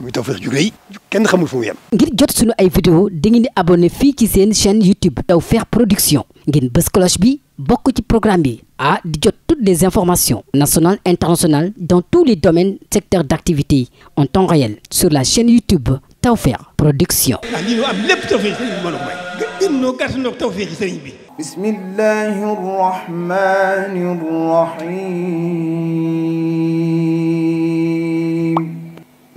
muy Tawfekh ju rëy kenn xamul fu mu yem. ngir jot sunu ay vidéo dangeen di abonné fii ci seen chaîne YouTube Tawfekh Production ngeen bës cloche bi bokk ci programme bi ah di jot toutes les informations nationales internationales dans tous les domaines secteurs d'activité en temps réel sur la chaîne YouTube Tawfekh Production. ah lii am lépp tawfeex sëriñ bi mën a may. gën noo gàtt noo tawfeex sëriñ bi. bismillahir rahmanir rahim.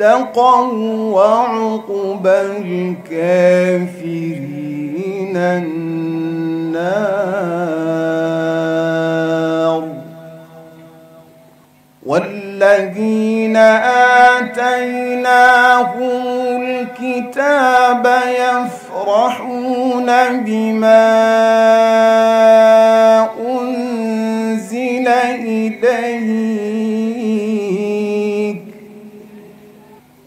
اتقوا وعقبى الكافرين النار والذين آتيناهم الكتاب يفرحون بما أنزل إليه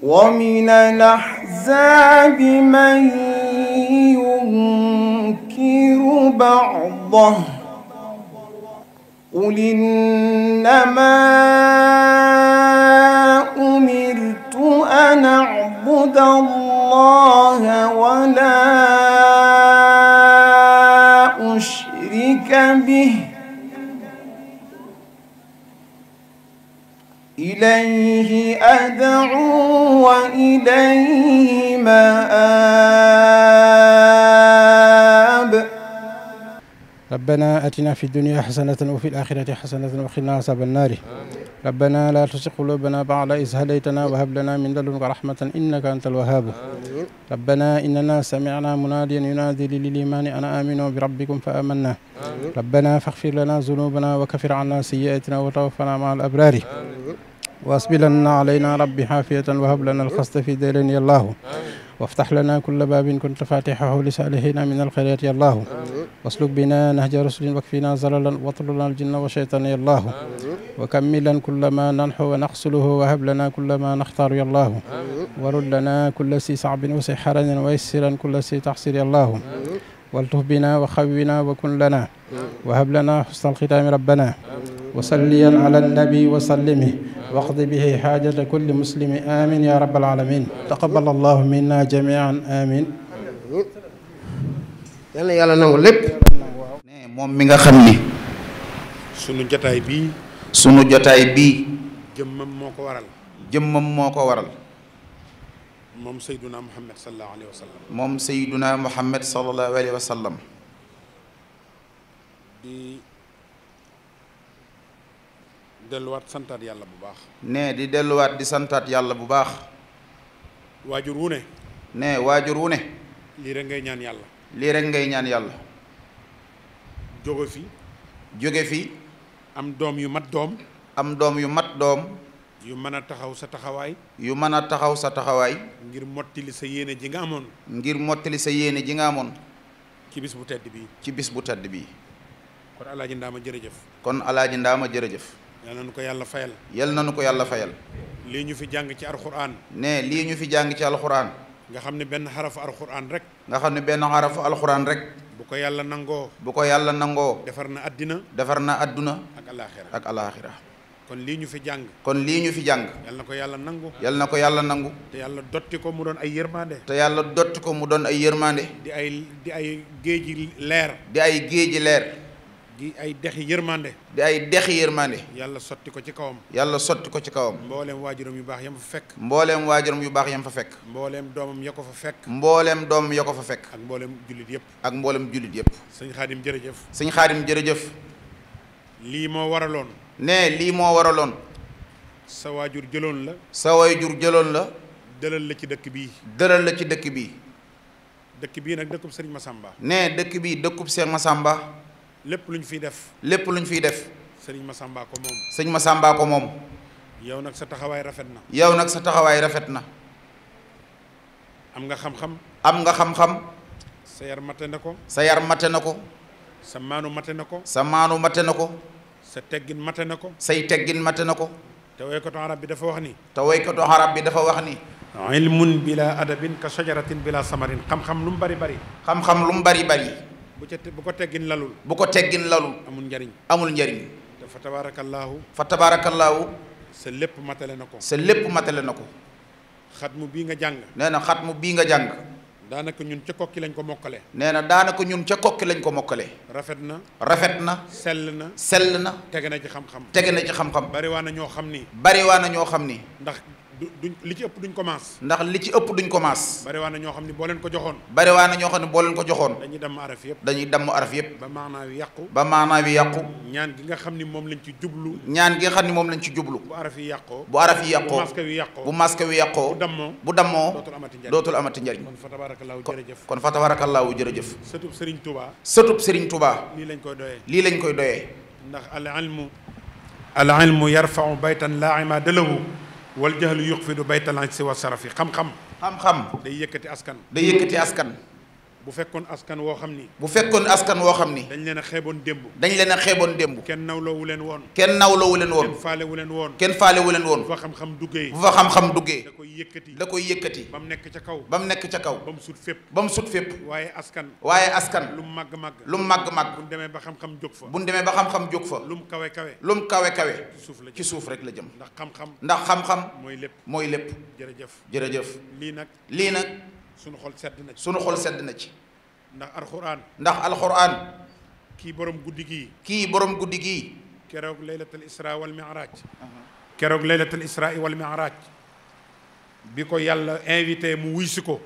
ومن الأحزاب من ينكر بعضه قل إنما أمرت أن أعبد الله ولا أشرك به إليه أدعو وإليه مآب ربنا أتنا في الدنيا حسنة وفي الآخرة حسنة وقنا عذاب النار ربنا لا تسق قلوبنا بعد إذ هديتنا وهب لنا من لدنك رحمة إنك أنت الوهاب ربنا إننا سمعنا مناديا ينادي للإيمان أن آمنوا بربكم فآمنا ربنا فاغفر لنا ذنوبنا وكفر عنا سيئاتنا وتوفنا مع الأبرار وأسبلن علينا ربي حافية وهب لنا الخصد في ديرين يا الله وافتح لنا كل باب كنت فاتحه لسالهنا من الخيرات يا الله واسلك بنا نهج رسل واكفنا زللا واطلنا الجن والشيطان يا الله وكملا كل ما ننحو ونقصله وهب لنا كل ما نختار يا الله ورد لنا كل سي صعب وسحرا ويسرا كل سي تحصير يا الله والطف بنا وخونا وكن لنا وهب لنا حسن الختام ربنا وصليا على النبي وسلمه واقض به حاجة كل مسلم آمين يا رب العالمين تقبل الله منا جميعا آمين mi nga xam ni sunu jotaay bii sunu jotaay bii moo ko waral moom Seyduna Muhammad sallallahu alayhi delluwaat santaat yàlla bu baax. nee di delluwaat di santaat yàlla bu baax. waajur wu ne. nee waajur wu ne. lii rek ngay ñaan yàlla. lii rek ngay ñaan yàlla. jóge fi. jóge fi. am doom yu mat doom. am doom yu mat doom. yu mën a taxaw sa taxawaay. yu mën a taxaw sa taxawaay. ngir mottali sa yéene ji nga amoon. ngir mottali sa yéene ji nga amoon. ci bis bu tedd bii. ci bis bu tedd bii. kon Alaaji Ndaama jërëjëf. kon Alaaji Ndaama jërëjëf. yal nañu ko yàlla fayal. na nañu ko yàlla fayal. lii ñu fi jàng ci alxuraan. ne lii ñu fi jàng ci alxuraan. nga xam ne benn xarafu alxuraan rek. nga xam ne benn xarafu alxuraan rek. bu ko yàlla nangoo. bu ko yàlla nangoo. defar na addina. defar na adduna. ak alaaxira ak alaaxira. kon lii ñu fi jàng. kon lii ñu fi jàng. yal na ko yàlla nangu. yal na ko yàlla nangu. te yàlla dotti ko mu doon ay yërmande. te yàlla dotti ko mu doon ay yërmande. di ay di ay géeji leer. di ay géeji leer. di ay dexi yërmande di ay dexi yërmande yàlla sotti ko ci kawam yàlla sotti ko ci kawam mbooleem waajuram yu baax yam fa fekk mbooleem waajuram yu baax yam fa fekk mbooleem doomam ya ko fa fekk mbooleem doomam ya fa fekk ak mbooleem jullit yëpp ak mbooleem jullit yëpp sëñ xaadim jërëjëf sëñ xaadim jërëjëf lii moo waraloon ne lii moo waraloon sa waajur jëloon la sa waajur jëloon la dëlal la ci dëkk bii dëlal la ci dëkk bii dëkk bii nag dëkkub sëriñ Masamba ne dëkk bii dëkkub sëriñ Masamba lépp lu ñu fiy def. lépp lu ñu fiy def. sëriñ ma ko moom. sëriñ Massamba ko moom. yow nag sa taxawaay rafet na. yow nag sa taxawaay rafet na. am nga xam-xam. am nga xam-xam. sa yar mate na ko. sa yar mate na ko. sa maanu mate na ko. sa maanu mate na ko. sa teggin mate na ko. say teggin mate na ko. te woykatu arab bi dafa wax ni. te woykatu arab bi dafa wax ni. ilmun bila adabin ka shajaratin bila samarin xam-xam lu mu bari bari. xam-xam lu mu bari bari. bu ca bu ko teggin lalul. bu ko teggin lalul. amul njariñ amul njariñ. te fa tabaarakallaahu. fa tabaarakallaahu. sa lépp matale na ko. sa lépp matale na ko. xat mu bii nga jàng. nee na xatmu bii nga jàng. daanaka ñun ca kokki lañ ko mokkale. nee na daanaka ñun ca kokki lañ ko mokkale. rafet na. rafet na. sell na. sell na. tege na ci xam-xam. tege na ci xam-xam. bariwaa na ñoo xam ni. bariwaa na ñoo xam ni. ndax. duñ li ci ëpp duñ ko ndax li ci ëpp duñ ko maas bari waa na ñoo xam ne boo leen ko joxoon bari waa na ñoo xam ne boo leen ko joxoon dañuy damm araf yëpp dañuy damm araf yëpp ba maanaa wi yàqu ba maanaa wi yàqu ñaan gi nga xam ne moom lañ ci jublu ñaan gi nga xam ne moom lañ ci jublu bu araf yi yàqoo bu araf yi yàqoo bu masque wi yàqoo bu dammoo bu dammoo dootul amati njariñ kon fa tabaarakallaahu jërëjëf kon fa tabaarakallaahu jërëjëf sëtub sëriñ Touba sëtub sëriñ Touba lii lañ koy doyee lii lañ koy doyee ndax al ilmu al ilmu yarfau baytan laa imaada lahu wal jaxlu yuqfidu baytalan si wa sarafi xam-xam. xam-xam day yëkkati askan. day yëkkati askan. bu fekkoon askan woo xam ni. bu fekkoon askan woo xam ni. dañu leen a xeeboon démb. dañ leen a xeeboon démb. kenn nawloowu leen woon. kenn leen woon. faalewu leen woon. kenn faalewu leen woon. bu fa xam-xam duggee. bu xam-xam duggee. da koy yëkkati da koy yëkkati. ba mu nekk ca kaw. ba mu nekk ca kaw. ba mu sut fépp. ba mu sut fépp. waaye askan. waaye askan. lu mu màgg màgg. lu mu màgg màgg. bu ñu demee ba xam-xam jóg fa. bu ñu demee ba xam-xam jóg lu mu kawe kawe. lu mu kawe kawe. ci suuf rek la jëm. ndax xam-xam. ndax xam-xam. mooy lépp mooy lépp. jërëjëf jërëjëf. lii nag lii nag sunu xol sedd na ci xol sedd na ci. ndax alxuraan. ndax alxuraan. kii boroom guddi gii. kii borom guddi gii. keroog laylatul isra wal mi'raj. keroog laylatul isra wal bi ko yàlla invité mu wuy si ko.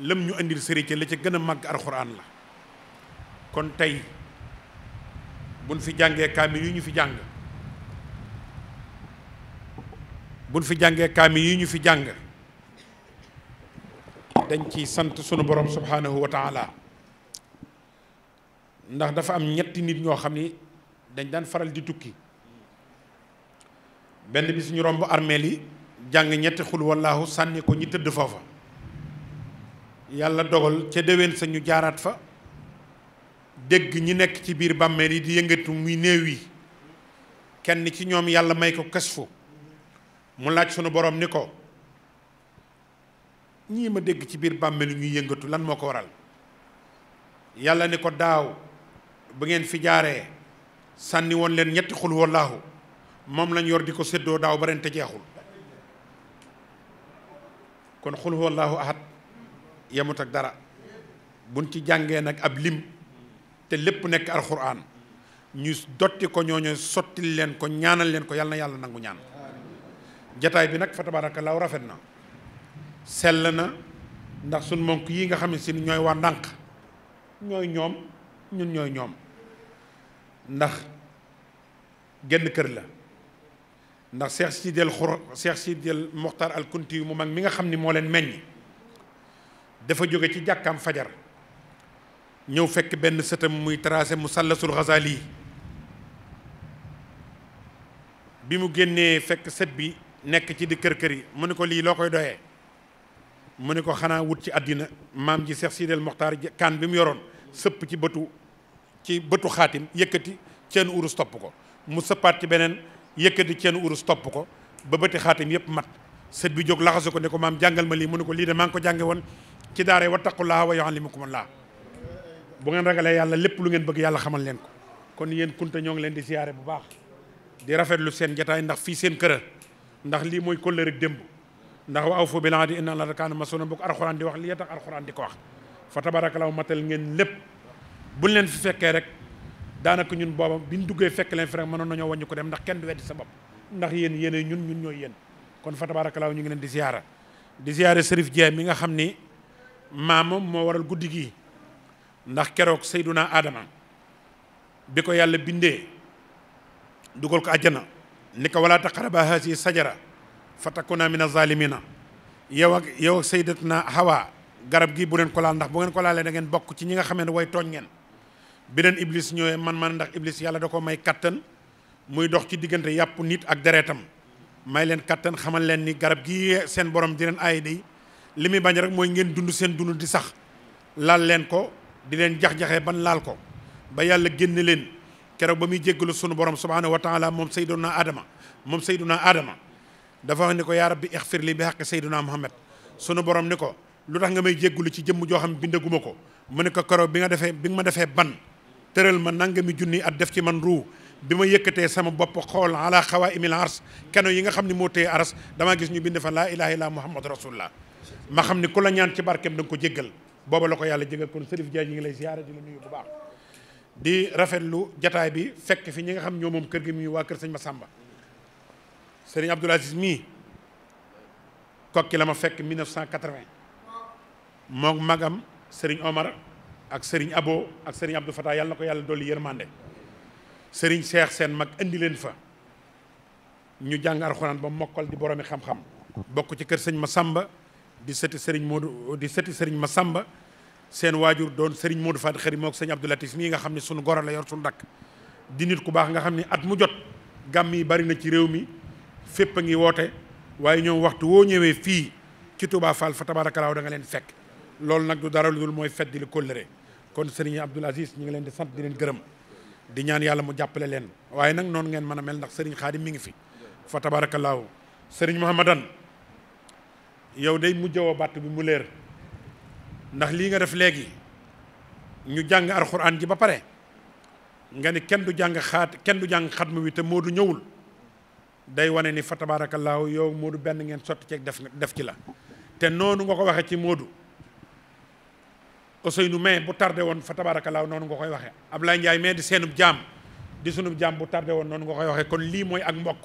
lëm ñu andil sëriñ ci la ca gën a màgg alxuraan la. kon tey buñ fi jàngee kaamil yi ñu fi jàng buñ fi jàngee kaamil yi ñu fi jàng dañ ci sant sunu borom subhanahu wa taala ndax dafa am ñetti nit ñoo xam ni dañ daan faral di tukki benn bi suñu romb armeel yi jàng ñetti xul wallaahu sànni ko ñi tëdd foofa yàlla dogal ca déwén sa ñu jaaraat fa dégg ñi nekk ci biir bàmmeel yi di yëngatu muy new yi kenn ci ñoom yàlla may ko kasfu mu laaj sunu boroom ni ko ñii ma dégg ci biir bàmmeel yu ñuy yëngatu lan moo ko waral yàlla ne ko daaw bu ngeen fi jaaree sànni woon leen ñetti xul wallaahu moom lañ yor di ko séddoo daaw ba ren te jeexul kon xul wallaahu ahad yemut ak dara buñ ci jàngee nag ab lim te lépp nekk alxuraan ñu dotti ko ñooñu sottil leen ko ñaanal leen ko yàlla yàlla nangu ñaan jataay bi nag fa tabaarakallaahu rafet na sell na ndax suñ monk yi nga xam ne si ñooy waa ndànk ñooy ñoom ñun ñooy ñoom ndax genn kër la ndax Cheikh Sidi El Xur Cheikh Sidi El Mokhtar Al Kunti yu mu mag mi nga xam ni moo leen meññ dafa jóge ci jàkkam fajar ñëw fekk benn sëtam muy tracé mu sàllasul Xasaali bi mu génnee fekk sët bi nekk ci di kër kër yi mu ne ko lii loo koy doyee mu ne ko xanaa wut ci àddina maam ji Seex Sidel Moxtaar kaan bi mu yoroon sëpp ci bëtu ci bëtu xaatim yëkkati ceen urus topp ko mu sëppaat ci beneen yëkkati ceen urus topp ko ba bëti xaatim yëpp mat sët bi jóg laxasu ko ne ko maam jàngal ma lii mu ne ko lii de maa ngi ko jànge woon ci daare wattaqullaaha wa laa bu ngeen ragalee yàlla lépp lu ngeen bëgg yàlla xamal leen ko kon yéen kunta ñoo ngi leen di siyaare bu baax di rafetlu seen jataay ndax fii seen këra ndax lii mooy kóllëre démb ndax wa awfu bil ahdi inna allaha kaana masuulan bu ko alxuraan di wax li tax alxuraan di ko wax fa tabarakallahu matal ngeen lépp buñ leen fi fekkee rek daanaka ñun booba biñ duggee fekk leen fi rek mënoon nañoo wàññi ko dem ndax kenn du weddi sa bopp ndax yéen yéen ñun ñun ñooy yéen kon fa tabarakallahu ñu ngi leen di ziyaara di ziyaara Serif Dieng mi nga xam ni maamom moo waral guddi gi ndax keroog Seyduna Adama bi ko yàlla bindee dugal ko àjjana ni ko walaa taqrabaa haasihi sajara fa fatakuna mina zalimina yow ak yow ak sayyidatuna hawa garab gi bu leen ko laal ndax bu ngeen ko laalee da bokk ci ñi nga xamee ne way tooñ ngeen bi leen iblis ñëwee man man ndax iblis yàlla da ko may kattan muy dox ci diggante yàpp nit ak deretam may leen kattan xamal leen ni garab gi seen borom di leen aay day li muy bañ rek mooy ngeen dund seen dund di sax laal leen ko di leen jax-jaxee ban laal ko ba yàlla génn leen keroog ba muy jéggalu sunu borom subhanahu wa taala moom sayduna adama moom sayduna adama dafa wax ni ko yaa rabbi ixfir li bi xaqi sayduna muhammad sunu borom ni ko lu tax nga may jéggulu ci jëmm joo xam bindaguma ko mu ne ko koro bi nga defee bi nga ma defee ban tëral ma nangami junni at def ci man ruu bi ma yëkkatee sama bopp xool ala xawaa imil ars kenn yi nga xam ne moo téye aras damaa gis ñu bind fa laa ilaha illa muhammad rasulullah ma xam ne ku la ñaan ci barkeem da nga ko jéggal booba la ko yàlla jéggal kon sërif jaay ñi ngi lay ziyaara di la nuyu bu baax di rafetlu jataay bi fekk ñi nga xam ñoo moom kër gi muy waa kër sëñ Massamba sëriñ Abdoul Aziz mii kokki la ma fekk 1980 moom magam sëriñ Omar ak sëriñ Abo ak sëriñ Abdou Fatah yàlla ko yàlla dolli yërmande sëriñ seex seen mag indi leen fa ñu jàng alxuraan ba mokkal di boromi xam-xam bokk ci kër sëñ Masamba di sëti sëriñ Modou di sëti ma Masamba seen waajur doon sëriñ moodu fa xëri mook sëñ Abdou Latif mii nga xam ne sunu goro la yor sunu dakk di nit ku baax nga xam ne at mu jot gàmm yi bari na ci réew mi fépp a ngi woote waaye ñoom waxtu woo ñëwee fii ci Touba Fall fa tabarakalaaw da nga leen fekk loolu nag du dara lu dul mooy fedd li kóllëre kon sëriñ Abdoul Aziz ñu ngi leen di sant di leen gërëm di ñaan yàlla mu jàppale leen waaye nag noonu ngeen mën a mel ndax sëriñ Xaadim mi ngi fi fa tabarakalaaw sëriñ Mouhamadan yow day mujjawoo bàtt bi mu leer ndax lii nga def léegi ñu jàng alxuraan ji ba pare nga ni kenn du jàng xaat kenn du jàng xatma wi te moo du ñëwul day wane ni fa tabaarakallaahu yow Moodu benn ngeen sotti ceeg def def ci la te noonu nga ko waxee ci Moodu Ousseynou mais bu tarde woon fa tabaarakallaahu noonu nga koy waxee Ablaye Ndiaye mais di seenub jaam di sunub jaam bu tardé woon noonu nga koy waxee kon lii mooy ak mbokk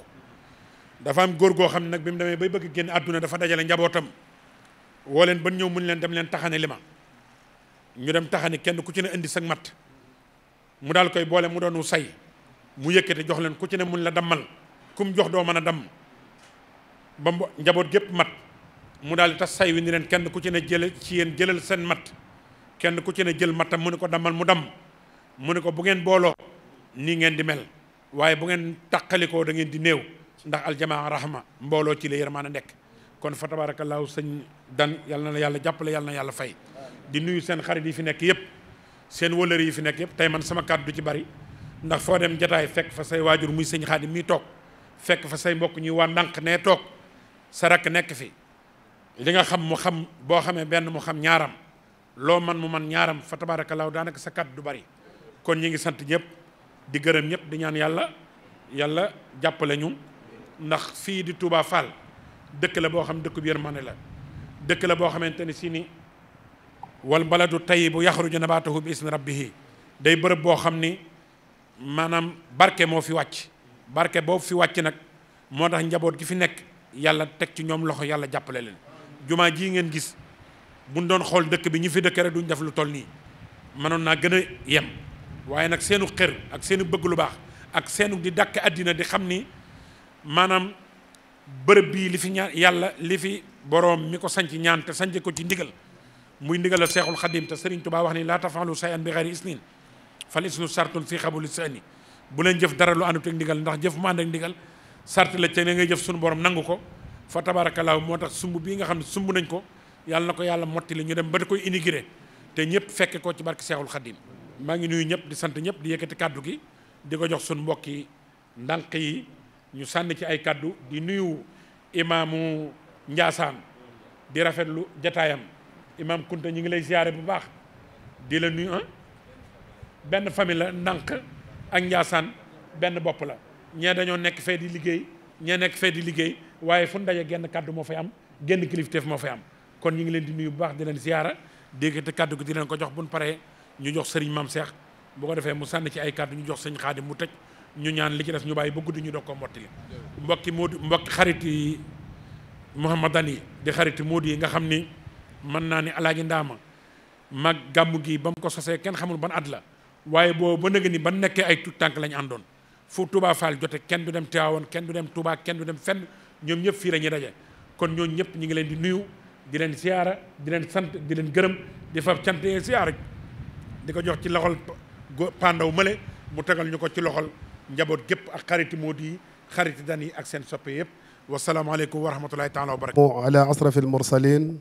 dafa am góor goo xam ne nag bi mu demee bay bëgg génn àdduna dafa dajale njabootam woo leen ba ñëw mun leen dem leen taxane li ma ñu dem taxani kenn ku ci ne indi sag matt mu daal koy boole mu doonu say mu yëkkate jox leen ku ci ne la dammal kum jox doo mën a damm ba njaboot gépp mat mu daal di tas say wi ni leen kenn ku ci ne jël ci yéen jëlal seen mat kenn ku ci ne jël matam mu ne ko dammal mu damm mu ne ko bu ngeen booloo nii ngeen di mel waaye bu ngeen tàqalikoo da ngeen di néew ndax aljamaa rahma mbooloo ci la yërmaande nekk kon fa tabaarakallaahu sëñ dan yal na la yàlla jàppale yàlla na yàlla fay di nuyu seen xarit yi fi nekk yëpp seen wëllër yi fi nekk yëpp tey man sama kàdd ci bari ndax foo dem jataay fekk fa fekk fa say mbokk ñuy waa ndànk nee toog sa rakk nekk fi li nga xam mu xam boo xamee benn mu xam ñaaram loo man mu man ñaaram fa tabaarakallaahu daanaka sa kàddu du bari kon ñu ngi sant ñëpp di gërëm ñëpp di ñaan yàlla yàlla jàppale ñu ndax fii di tuubaa Fall dëkk la boo xam dëkk bi yërmande la dëkk la boo xamante ni si ni wal tey bu baladu tayyibu yaxruju nabaatuhu bi isni rabbihi day bërëb boo xam ni maanaam barke moo fi wàcc barke boobu fi wàcc nag moo tax njaboot gi fi nekk yàlla teg ci ñoom loxo yàlla jàppale leen jumaa jii ngeen gis mun doon xool dëkk bi ñu fi dëkk rek duñ def lu toll nii mënoon naa gën a yem waaye nag seenu xër ak seenu bëgg lu baax ak seenu di dàkk àddina di xam ni maanaam bërëb bii li fi ñaan yàlla li fi boroom mi ko sanc ñaan te sanc ko ci ndigal muy ndigal a seexul xadim te sëriñ tubaa wax ni laa tafalu sayan bi xayri isnin fal isnu sartun fii xabuli sani bu leen jëf dara lu àndut ak ndigal ndax jëf mu ànd ak ndigal sart la ca ne ngay jëf sunu borom nangu ko fa tabaarakallaahu moo tax sumb bii nga xam ne sumb nañ ko yàlla na ko yàlla motti la ñu dem ba di koy inaugurer te ñëpp fekke ko ci barke Seexul Xadim maa ngi nuyu ñëpp di sant ñëpp di yëkkati kàddu gi di ko jox sunu mbokk yi ndànk yi ñu sànni ci ay kàddu di nuyu imaamu Njaasaan di rafetlu jataayam imaam Kunta ñu ngi lay ziyaare bu baax di la nuyu ah. benn famille la ndànk ak Njaasaan benn bopp la ñee dañoo nekk fee di liggéey ñee nekk fee di liggéey waaye fu ndaje genn kàddu moo fay am genn kilifteef moo fa am kon ñu ngi leen di nuyu bu baax di leen ziyaara dégg te kàddu gi di leen ko jox buñ paree ñu jox sëriñ Maam Seex boo ko defee mu sànni ci ay kàddu ñu jox sëñ Xaadim mu tëj ñu ñaan li ci des ñu bàyyi ba guddi ñu doog koo mottali mbokki Moodu mbokki xarit yi Muhammadan yi di xarit Moodu yi nga xam ni mën naa ni alaaji Ndaama mag gàmmu gi ba mu ko sosee kenn xamul ban at la waaye boobu ba nëgë ni ba nekkee ay tout tànk lañ àndoon fu Touba Fall jote kenn du dem Tivaouane kenn du dem Touba kenn du dem fenn ñoom ñëpp fii la ñuy daje kon ñooñu ñëpp ñu ngi leen di nuyu di leen siyaara di leen sant di leen gërëm di fab sant yee siyaara di ko jox ci loxol pandaw mële mu tegal ñu ko ci loxol njaboot gépp ak xariti moo di xariti dan yi ak seen soppe yëpp wasalaamaaleykum wa rahmatullahi taala wa barakatu ala asraf almursalin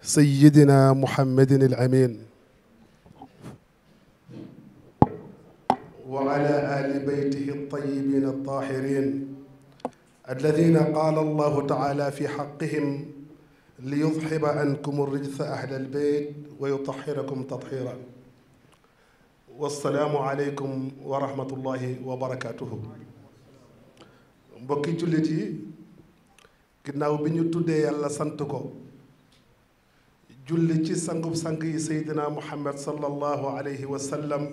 sayidina muhammadin al amin wa ala ali baytihi altayibiin altaahiriin alladina qaala allahu taala fi xaqihim liyudhiba ankum alrijsa ahla albeyt wa yutahhirakum tathiira wassalaamu aleykum wa rahmatullahi wa barakaatuhu mbokki jullit yi ginnaaw bi ñu tuddee yàlla sant ko julli ci sangub sang yi seydina muhammad sallallahu alayhi wa sallam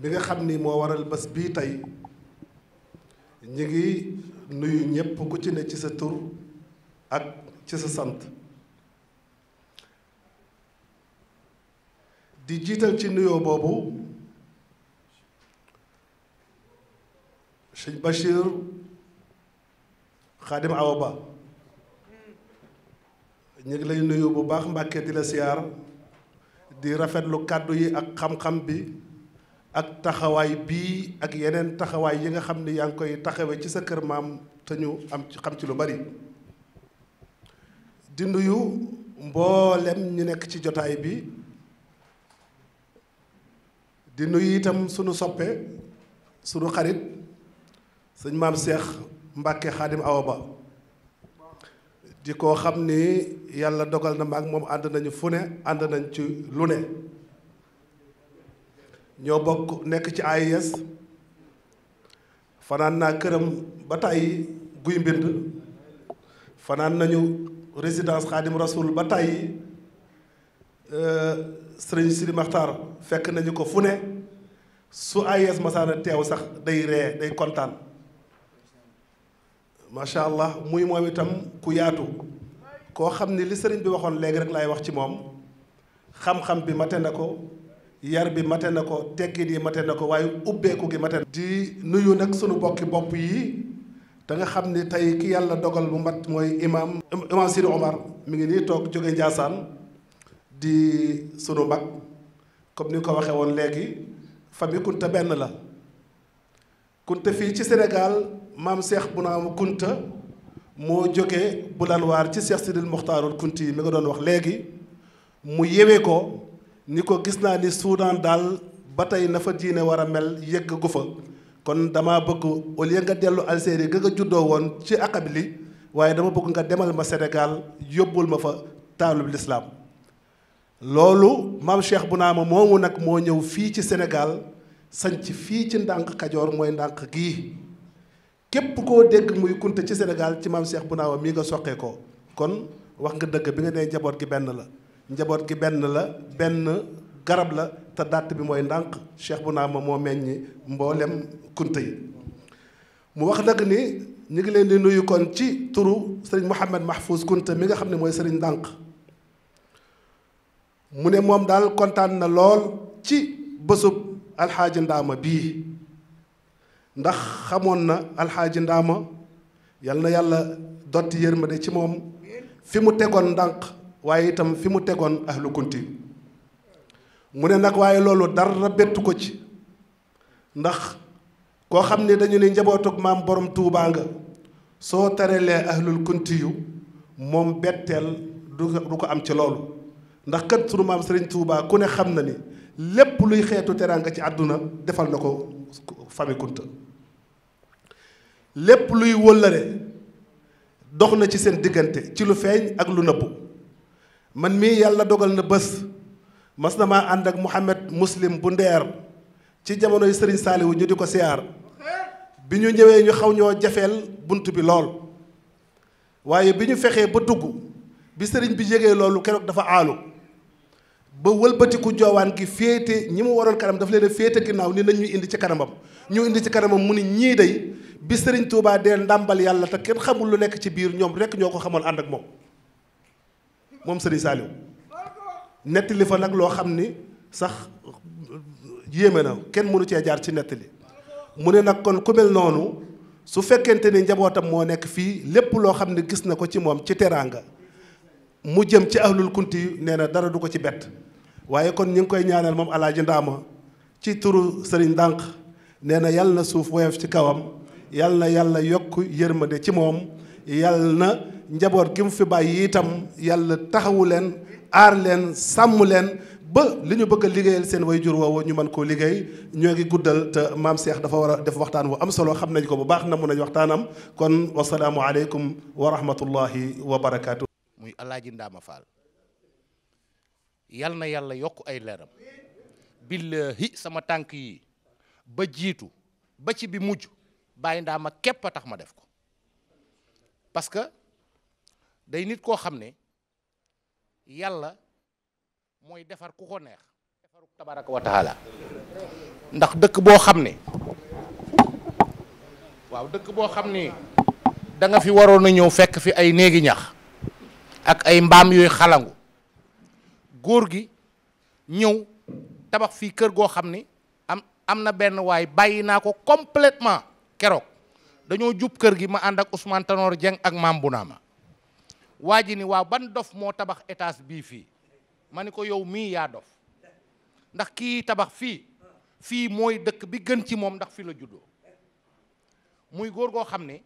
bi nga xam ni moo waral bés bii tey ñu ngi nuyu ñépp ku ci ne ci sa tur ak ci sa sant di jiital ci nuyoo boobu Sëñ Bachir Xaadim Awa Ba ñu ngi lay nuyoo bu baax Mbàkke di la siyaar di rafetlu kàddu yi ak xam-xam bi ak taxawaay bii ak yeneen taxawaay yi nga xam ni yaa ngi koy taxawee ci sa kër maam te ñu am ci xam ci lu bari di nuyu mboolem ñu nekk ci jotaay bi di nuyu itam sunu soppe sunu xarit sëñ maam Cheikh Mbacke Xaadim Awa Ba di koo xam ni yàlla dogal na maag moom ànd nañu fu ne ànd nañ ci lu ne ñoo bokk nekk ci AIS fanaan naa këram ba tàyyi guy mbind fanaan nañu résidence Xaadim Rasoul ba tàyyi euh, sëriñ Sidi fekk nañu ko fu ne su AIS masaana teew sax day day kontaan macha allah muy moom itam ku yaatu koo xam ni li sëriñ bi waxoon léegi rek lay wax ci moom xam-xam bi mate na ko yar bi mate na ko teggin yi mate na ko waaye ubbeeku gi mate na di nuyu nag sunu bokki bopp yi da nga xam ni tey ki yàlla dogal bu mat mooy imaam imaam Sidi Omar mi ngi nii toog jóge Njaasaan di sunu mag comme ni ko waxee woon léegi famille Kunta benn la Kunta fii ci Sénégal maam Seex Bunaama Kunta moo jóge bu lalwaar ci Seex Sidil Muxtaarul Kunti yi mi nga doon wax léegi mu yewee ko ni ko gis naa ni Soudan daal ba tey na fa diine war a mel yegg gu fa kon dama bëgg au lieu nga dellu Algérie ga nga juddoo woon ci li waaye dama bëgg nga demal ma senegal yóbbul ma fa taalub lislaam loolu maam naa ma moomu nag moo ñëw fii ci senegal sanc fii ci ndànk kajoor mooy ndànk gii képp koo dégg muy kunte ci senegal ci maam Cheikh Bounama mii nga soqee ko kon wax nga dëgg bi nga nee jaboot gi benn la njaboot gi benn la benn garab la te dàtt bi mooy ndànk cheikh bu naa ma moo meññi mboolem kunta yi mu wax nag ni ñu ngi leen di nuyu kon ci turu sëriñ Mouhamed Mahfouz Kunta mi nga xam ne mooy sëriñ ndànk mu ne moom daal kontaan na lool ci bësub alxaaji ndaama bii ndax xamoon na alxaaji ndaama yal na yàlla dotti yërmande ci moom fi mu tegoon ndànk waaye itam fi mu tegoon ahlu kunti mu ne nag waaye loolu dara bettu ko ci ndax koo xam ne dañu ne njabootu maam boroom tuubaa nga soo tarelee ahlul kunti yu moom betteel du du ko am ci loolu ndax kat sunu maam sëriñ tuubaa ku ne xam na ni lépp luy xeetu teraanga ci àdduna defal na ko fami kunta lépp luy wëllëre dox na ci seen diggante ci lu feeñ ak lu nëbbu man mii yàlla dogal na bés mas na maa ànd ak Mouhamed Muslim bu ndeer ci jamonoy Serigne Saliou ñu di ko siyaar bi ñu ñëwee ñu xaw ñoo jafeel bunt bi lool waaye bi ñu fexee ba dugg bi sëriñ bi yégee loolu keroog dafa aalu ba wëlbatiku joowaan gi féete ñi mu waroon kanam dafa leen a féete ginnaaw ni nañ indi ci kanamam ñu indi ci kanamam mu ni ñii day bi sëriñ Touba dee ndàmbal yàlla te kenn xamul lu nekk ci biir ñoom rekk ñoo ko xamoon ànd ak moom moom sëriñ Saliou nettali fa nag loo xam ni sax yéeme na kenn mënu cee jaar ci nett li mu ne nag kon ku mel noonu su fekkente ni njabootam moo nekk fii lépp loo xam ne gis na ko ci moom ci teraanga mu jëm ci ahlul kunti nee na dara du ko ci bett waaye kon ñu ngi koy ñaanal moom alaaji ndaama ci turu sëriñ ndànk nee na yàlla na suuf woyof ci kawam yàlla yàlla yokk yërmande ci moom yàlla na njaboot gi mu fi bàyyi itam yàlla taxawu leen aar leen sàmm leen ba bëgg a liggéeyal seen way jur woowu ñu mën koo liggéey ñoo ngi maam Cheikh dafa war a def waxtaan wu am solo xam nañ ko bu baax na mun nañ waxtaanam kon wasalaamu aleykum wa rahmatullahi wa barakaatu. muy alaaji Ndaama Fall yal na yàlla yokk ay leeram billahi sama tànk yi ba jiitu ba ci bi mujj bàyyi ma képp a tax ma def ko parce que day nit koo xam ne yàlla mooy defar ku ko neex defaru tabaraka wa ndax dëkk boo xam ne waaw dëkk boo xam ne danga fi waroon a ñëw fekk fi ay néegi ñax ak ay mbaam yooyu xalangu góor gi ñëw tabax fii kër goo xam ni am am na benn waay bàyyi naa ko complètement keroog dañoo jub kër gi ma ànd ak Ousmane Tanor Dieng ak maam Bounama waa ji ni waaw ban dof moo tabax étage bii fii ma ni ko yow mii yaa dof ndax kii tabax fii fii mooy dëkk bi gën ci moom ndax fi la juddoo muy góor goo xam ne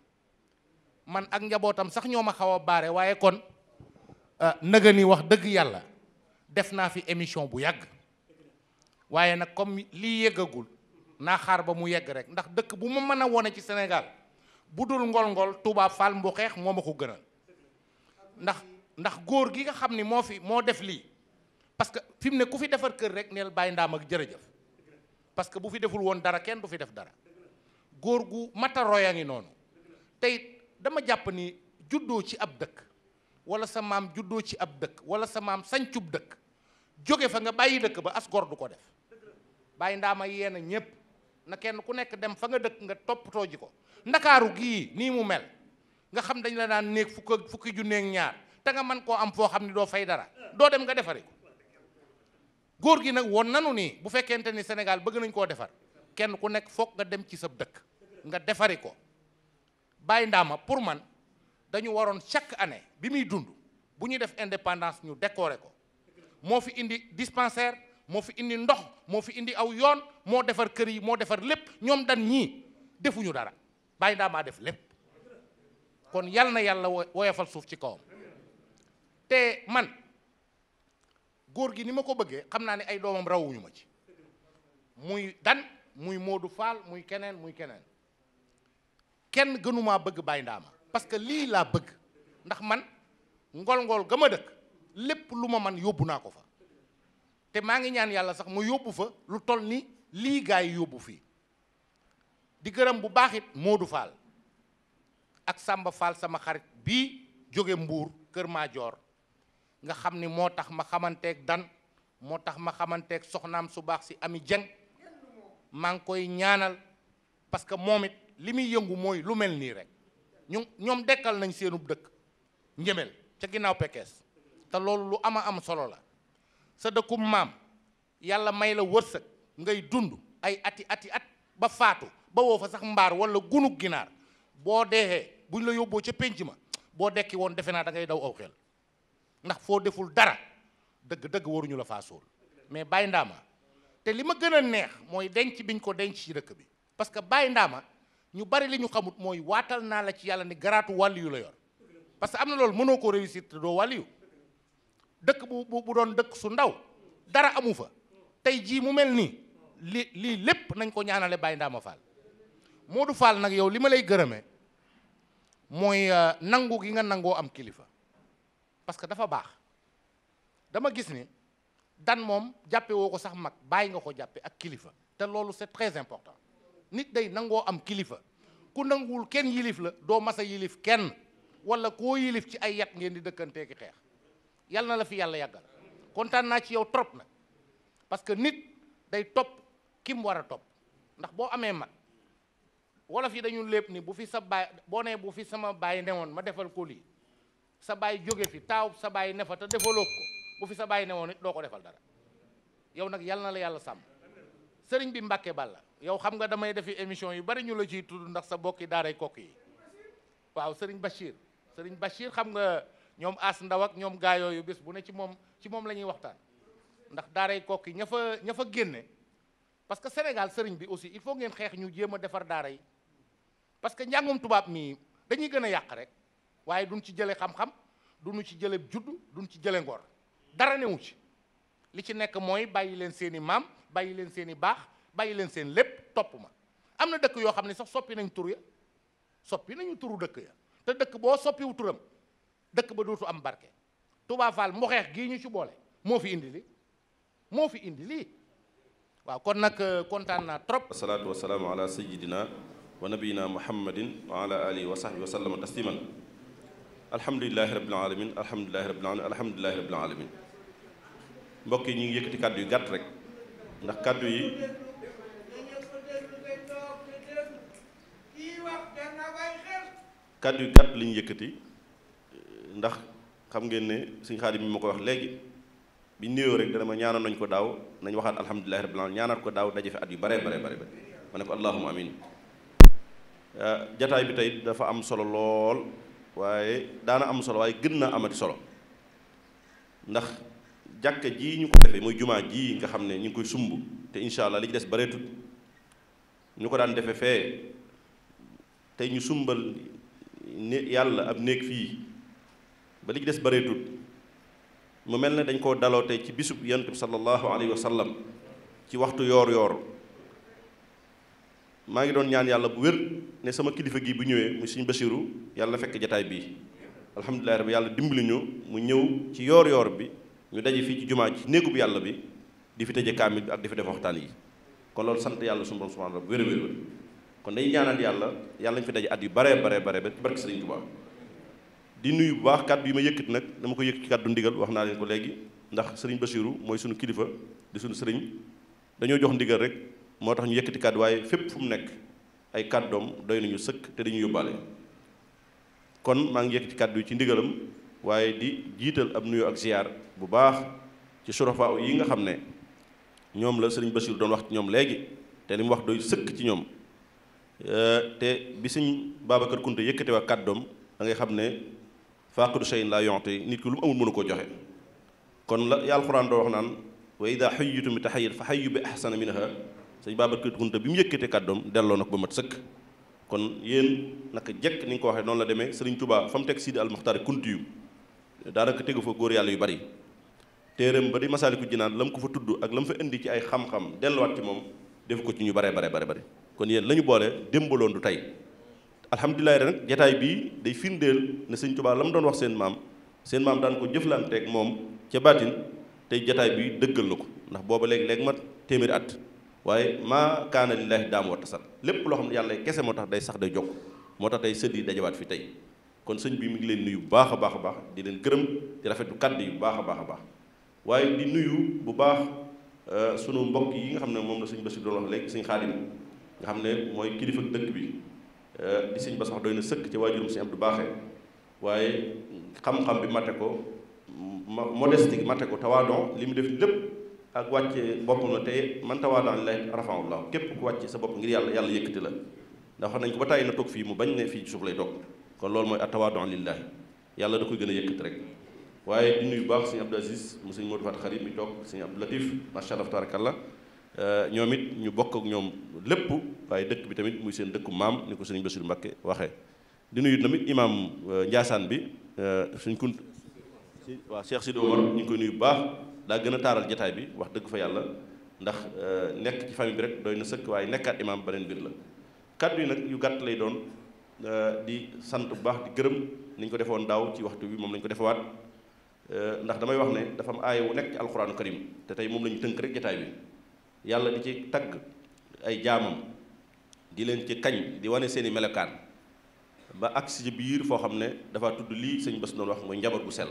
man ak njabootam sax ñoo ma xaw a baare waaye kon ah, nëga ni wax dëgg yàlla def naa fi émission bu yàgg waaye nag comme lii yeggagul naa xaar ba mu yegg rek ndax dëkk bu ma mën a wone ci senegal bu dul ngol-ngol Touba Fall Mbuxeex moo ma ko gënal ndax ndax góor gi nga xam ni moo fi moo def lii parce que fi mu ne ku fi defar kër rek neel bàyyi ndaam ak jërëjëf parce que bu fi deful woon dara kenn du fi def dara góor gu mata roya ngi noonu tey dama jàpp ni juddoo ci ab dëkk wala sa maam juddoo ci ab dëkk wala sa maam sancub dëkk jóge fa nga bàyyi dëkk ba as du ko def bàyyi ndaama yee na ñépp na kenn ku nekk dem fa nga dëkk nga toppatoo ji ko ndakaaru gii nii mu mel nga xam dañ la daan néeg fukk fukki junneeg ñaar te nga mën koo am foo xam ne doo fay dara doo dem nga defari ko góor gi nag woon nanu nii bu fekkente ni Sénégal bëgg nañ koo defar kenn ku nekk foog nga dem ci sab dëkk nga defari ko bàyyi ma pour man dañu waroon chaque année bi muy dund bu ñuy def indépendance ñu décorer ko moo fi indi dispensaire moo fi indi ndox moo fi indi aw yoon moo defar kër yi moo defar lépp ñoom dan ñii defuñu dara bàyyi daa maa def lépp kon yal na yàlla woyofal suuf ci kawam te man góor gi ni ma ko bëggee xam naa ne ay doomam rawuñu ma ci muy dan muy moodu Fall muy keneen muy keneen kenn gënumaa bëgg bàyyi ndaama parce que lii laa bëgg ndax man ngool ngool ga ma dëkk lépp lu ma man yóbbu naa ko fa te maa ngi ñaan yàlla sax ma yóbbu fa lu toll ni lii gaa yi yóbbu fii di gërëm bu baaxit it Modou Fall ak Samba Fall sama xarit bii jóge mbuur Kër Madior nga xam ni moo tax ma xamanteeg dan moo tax ma xamanteeg soxnaam su baax si Ami Dieng maa ngi koy ñaanal parce que moom it li muy yëngu mooy lu mel nii rek ñu ñoom dekkal nañ seenub dëkk njëmel ca ginnaaw pekkees te loolu lu ama am solo la sa dëkkum maam yàlla may la wërsëg ngay dund ay ati ati at ba faatu ba woo fa sax mbaar wala gunug ginaar boo deexee buñ la yóbboo ca pénc ma boo dekki woon defe naa da ngay daw aw xel ndax foo deful dara dëgg-dëgg waruñu la faa suul mais bàyyi ndaa ma te li ma gën a neex mooy denc biñ ko denc ci dëkk bi parce que Baye Ndama ñu bari li ñu xamut mooy waatal naa la ci yàlla ni garaatu wàllu yu la yor parce que am na loolu mënoo koo réussir doo wàllu dëkk bu bu doon dëkk su ndaw dara amu fa tey jii mu mel nii li lii lépp nañ ko ñaanale Baye Ndama moo du Fall nag yow li ma lay gërëmee mooy euh, nangu gi nga nangoo am kilifa parce que dafa baax dama gis ni dan moom jàppe woo ko sax mag bàyyi nga ko jàppe ak kilifa te loolu c'est très important nit day nangoo am kilifa ku nanguwul kenn yilif la doo masa yilif kenn wala koo yilif ci ay yat ngeen di dëkkantee ki xeex yal na la fi yàlla yàggal kontaan naa ci yow trop na parce que nit day topp ki mu war a topp ndax boo amee mag wolof yi dañu lépp ni bu fi sa baay boo nee bu fi sama baay newoon ma defal ko lii sa baay jóge fi taaw sa baay ne fa te defaloo ko bu fi sa baay newoon it doo ko defal dara yow nag yal na la yàlla sàmm sëriñ bi Mbàkke Balla yow xam nga damay defi émission yu bari ñu la ciy tudd ndax sa bokki daaray kokk yi waaw sëriñ Bachir sëriñ Bachir ñoom as ndaw ak ñoom gaa yooyu bés bu ne ci moom ci moom la ñuy waxtaan ndax daaray kokki ña fa ña fa génne parce que Sénégal sëriñ bi aussi il faut ngeen xeex ñu jéem a defar daara yi parce que njàngum tubaab mii dañuy gën a yàq rek waaye duñ ci jële xam-xam duñu ci jële judd duñ ci jële ngor dara newu ci li ci nekk mooy bàyyi leen seen i maam bàyyi leen seen i baax bàyyi leen seen lépp topp ma am na dëkk yoo xam ne sax soppi nañ tur ya soppi nañu turu dëkk te dëkk boo soppiwu dëkk ba dootu am barke Touba Fall mu xeex gii ñu ci boole moo fi indi li moo fi indi lii waaw kon nag euh, kontaan naa trop wasalaatu wasalaamu ala sayidina wa nabiyina muhammadin wa ala alihi wa sahbi wa sallama tasliman alhamdulillah rabil alamin alhamdulilahi rabil alamin alhamdulilahi rabil alamin mbokk yi ñu ngi yëkkati kàddu yu gàtt rek ndax kàddu yi kàddu yu gàtt li ñu ndax xam ngeen ne suñ xaadim mi ma ko wax léegi bi nuyoo rek dana ma ñaanoon nañ ko daaw nañ waxaat alhamdulilahi rabbil alamin ko daaw daje fi at yu bare bare bare ma ne ko allahuma amin euh, jataay bi tey dafa am solo lool waaye daana am solo waaye gën naa amati solo ndax jàkka ji ñu ko defee mooy jumaa ji nga xam ne ñu ngi koy sumb te incha allah li ci des bareetut ñu ko daan defe fee tey ñu sumbal yàlla ab néeg fii ba li ci des bëreetut mu mel ne dañ koo daloo daloote ci bisub yonent bi sallallahu alayhi wa sallam ci waxtu yoor-yoor maa ngi doon ñaan yàlla bu wér ne sama kilifa gi bu ñëwee mu suñu basiru yàlla fekk jataay bii alhamdulilah rabbi yàlla dimbali ñu mu ñëw ci yoor-yoor bi ñu daje fii ci jumaa ci néegu bu yàlla bi di fi tëje kaamil bi ak di fi def waxtaan yi kon loolu sant yàlla suñu borom subhaanahu wér wér kon day ñaanal yàlla yàlla ñu fi daje at yu bare bare bare ba ci barke di nuyu bu baax kàddu yi ma yëkkat nag dama ko yëkk ci kàddu ndigal wax naa leen ko léegi ndax sëriñ Basiiru mooy sunu kilifa di suñu sëriñ dañoo jox ndigal rek moo tax ñu yëkkati kàddu waaye fépp fu mu nekk ay doy nañu sëkk te dañu kon maa ngi yëkkati kàddu yi ci ndigalam waaye di jiital ab nuyoo ak ziyaar bu baax ci surafaa yi nga xam ne ñoom la sëriñ Basiiru doon wax ci ñoom léegi te li mu wax doy sëkk ci ñoom te bi sëñ Babacar Kunte yëkkati waa kàddoom da ngay xam ne faaqidu shay'in laa yu'ti nit ki lu mu amul mënu koo joxe kon la yàlla xuraan doo wax naan wa idaa xuyyitum bi tahiyyatin fa hayyu bi ahsana minha sëñ Babacar Kunta bi mu yëkkatee kàddoom delloo na ko ba mat sëkk kon yéen naka jekk ni nga ko waxee noonu la demee Serigne tubaab fa mu teg Sidi Almuxtaar Kunti yu daanaka tegu fa góor yàlla yu bari téeréem ba di Masaalikul Jinaan la mu ko fa tudd ak la mu fa indi ci ay xam-xam delluwaat ci moom def ko ci ñu bare bare bare bare kon yéen la ñu boole démbaloon du tey alhamdulilah ren jataay bii day firndeel ne sëñ Tuubaa la mu doon wax seen maam seen maam daan ko jëflanteeg moom ca baatin tey jataay bii dëggal na ko ndax booba léeg-léeg mat téeméeri at waaye maa kaana lillaahi daam wa tasal lépp loo xam ne yàlla kese moo tax day sax day jokk moo tax tey sët yi dajawaat fi tey kon sëñ bi mi ngi leen nuyu bu baax a baax a baax di leen gërëm di rafetlu kàddu yi bu baax a baax a baax waaye di nuyu bu baax euh, sunu mbokk yi nga xam ne moom sëñ Basiru doon wax léegi sëñ Xaadim nga xam ne mooy kilifa dëkk bi li euh, sëñ Bass wax doy na sëkk ci waajurum sëñ Abdou Baaxe waaye xam-xam bi mate ko modestie bi mate ko tawaadon li mu def lépp ak wàcce bopp na te man tawaadon lillahi rafahu llah képp ku wàcce sa bopp ngir yàlla yàlla yëkkati la ndax wax nañ ko ba tàyyi na toog fii mu bañ ne fii ci suuf lay toog kon loolu mooy atawaadon lillahi yàlla da koy gën a yëkkati rek waaye di nuyu baax sëñ Abdou Aziz mu sëñ Modou Fat Xarit mi toog sëñ Abdou Latif macha allah Euh, ñoom it ñu bokk ak ñoom lépp waaye dëkk bi tamit muy seen dëkku maam ni ko sëriñ Bassirou Mbacké waxe di nuyu tamit imaam euh, Ndiassane bi euh, suñ kunt waa Cheikh Sidi Omar ñu ngi koy nuyu bu baax daa gën a taaral jataay bi wax dëgg fa yàlla ndax nekk ci famille bi rek doy na sëkk waaye nekkaat imaam beneen mbir la kaddu yi nag yu gàtt lay doon di sant bu baax di gërëm ni ko defoon daaw ci waxtu bi moom lañ ko defawaat ndax damay wax ne dafa am aaya wu nekk ci alxuraanu karim te tey moom la rek jataay bi yàlla di ci tagg ay jaamam di leen ci kañ di wane seeni melokaan ba agsi ci biir foo xam ne dafa tudd lii sëñ bas doon wax mooy njaboot bu sell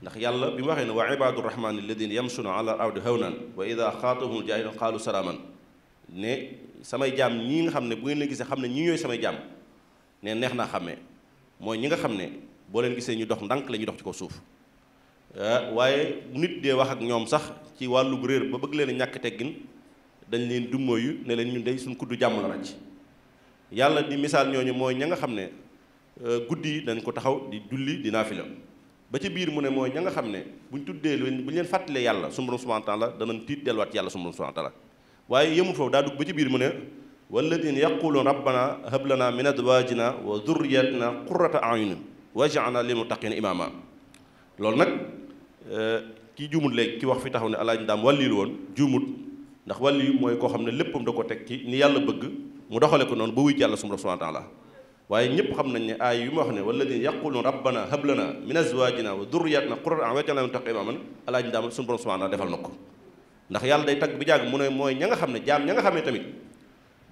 ndax yàlla bi mu waxee ne wa ibaadu rahmaani alladina yamsuna ala ardi hawnan wa ida xaatabahumul jaahilun qaalu salaaman ne samay jaam ñii nga xam ne bu ngeen leen gisee xam ne ñii ñooy samay jaam ne neex naa xàmmee mooy ñi nga xam ne boo leen gisee ñu dox ndànk la ñu dox ci ko suuf Eh, waaye nit dee wax ak ñoom sax ci wàllub réer ba bëgg leen a ñàkk teggin dañ leen dummóoyu ne leen ñun day suñ kudd jàmm la ràcc yàlla di misaal ñooñu mooy ña nga xam ne eh, guddi yi dañ ko taxaw di julli di naafila ba ca biir mu ne mooy ña nga xam ne buñ tuddee lu leen buñ leen fàttalee yàlla sunu borom subhanahu wa taala danañ tiit delluwaat yàlla sunu borom subhanahu wa taala waaye yëmul foofu daa dugg ba ci biir mu ne walladina yaquuluun rabbana hab lana min azwajina wa zurriyatina qurrata ayunin waj'alna lil muttaqina imama loolu nag eh, ki juumut lekk ki wax fi taxaw ne alaaji daam wàllilu woon juumut ndax wàlli mooy koo xam ne léppam da ko teg ci ni yàlla bëgg mu doxale ko noonu ba wuy ci yàlla subhaanahu wa taala xam nañ ne aay yu ma wax ne walladina yaquluun rabbana hablana min azwajina wa durriyatina qurrata a'yunin waj'alna lil muttaqina imaman alaaji daam suñu borom subhaanahu wa taala defal na ko ndax yàlla day tagg bi jàgg mu ne mooy ña nga xam ne jaam ña nga xame ne tamit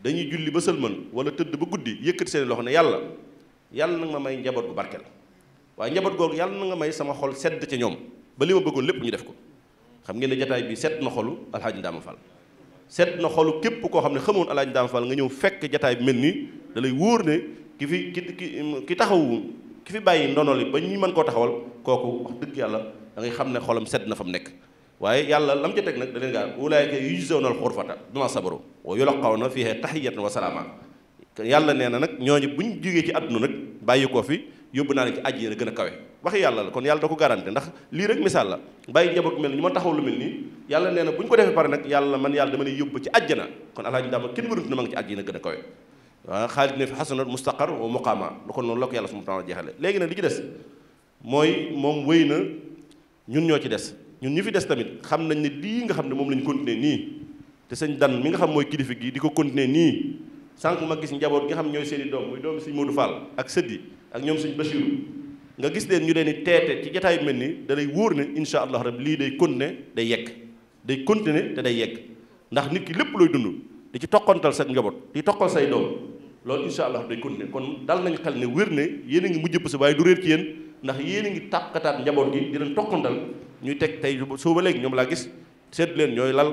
dañuy julli ba sëlman wala tëdd ba guddi yëkkati seen loxo ne yàlla yàlla nag ma may njaboot bu barkeel waaye njaboot googu yàlla na nga may sama xol sedd ci ñoom ba li ma bëggoon lépp ñu def ko xam ngeen ne jataay bi sedd na xolu alxaaji Ndaama fal sedd na xolu képp koo xam ne xamoon alxaaji Ndaama fal nga ñëw fekk jataay bi mel nii da lay wóor ne ki fi ki ki ki taxawu ki fi bàyyi ndono li ba ñu mën koo taxawal kooku wax dëgg yàlla dangay xam ne xolam sedd na fa mu nekk waaye yàlla lam ca teg nag da leen gaa ulaayka yujzawna al-ghurfata bimaa sabaru wa yulqawna fiihaa tahiyatan wa salaama yàlla nee na nag ñooñu bu ñu jógee ci àdduna nag bàyyi ko fi yóbbu naa leen ci àjjana gën a kawe waxi yàlla la kon yàlla da ko garanté ndax lii rek misaal la bàyyi njaboot mel ni ñu ma taxaw lu mel nii yàlla nee na bu ñu ko defee pare nag yàlla man yàlla dama ne yóbbu ci àjjana na ma ngi ci àjjana gën a kawe waaw xaalit ne fi xasanat mustaqar wa muqaama lu kon noonu la ko yàlla subhaanahu wa taala jeexale léegi nag li ci des mooy moom wéy na ñun ñoo ci des ñun ñi fi des tamit xam nañ ne lii nga xam ne moom la ñu continuer nii te sëñ mi nga xam mooy kilifa gi di ko continuer nii sànq ma gis njaboot gi nga xam ñooy seen doom muy doom sëñ Modou Fall ak ñoom suñ Bachirou nga gis leen ñu leen di teete ci jataayu mel nii da wóor ne insha allah rab lii day continuer day yegg day continuer day yegg ndax nit ki lépp looy dund di ci toqantal sa njaboot di toqal say doom loolu insha allah day continuer kon dal nañ xel ne wér ne yéen a ngi mujj parce que waaye du réer ci yéen ndax yéen a ngi tàqataat njaboot gi di leen toqantal ñuy teg tey suba léegi ñoom laa gis seet leen ñooy lal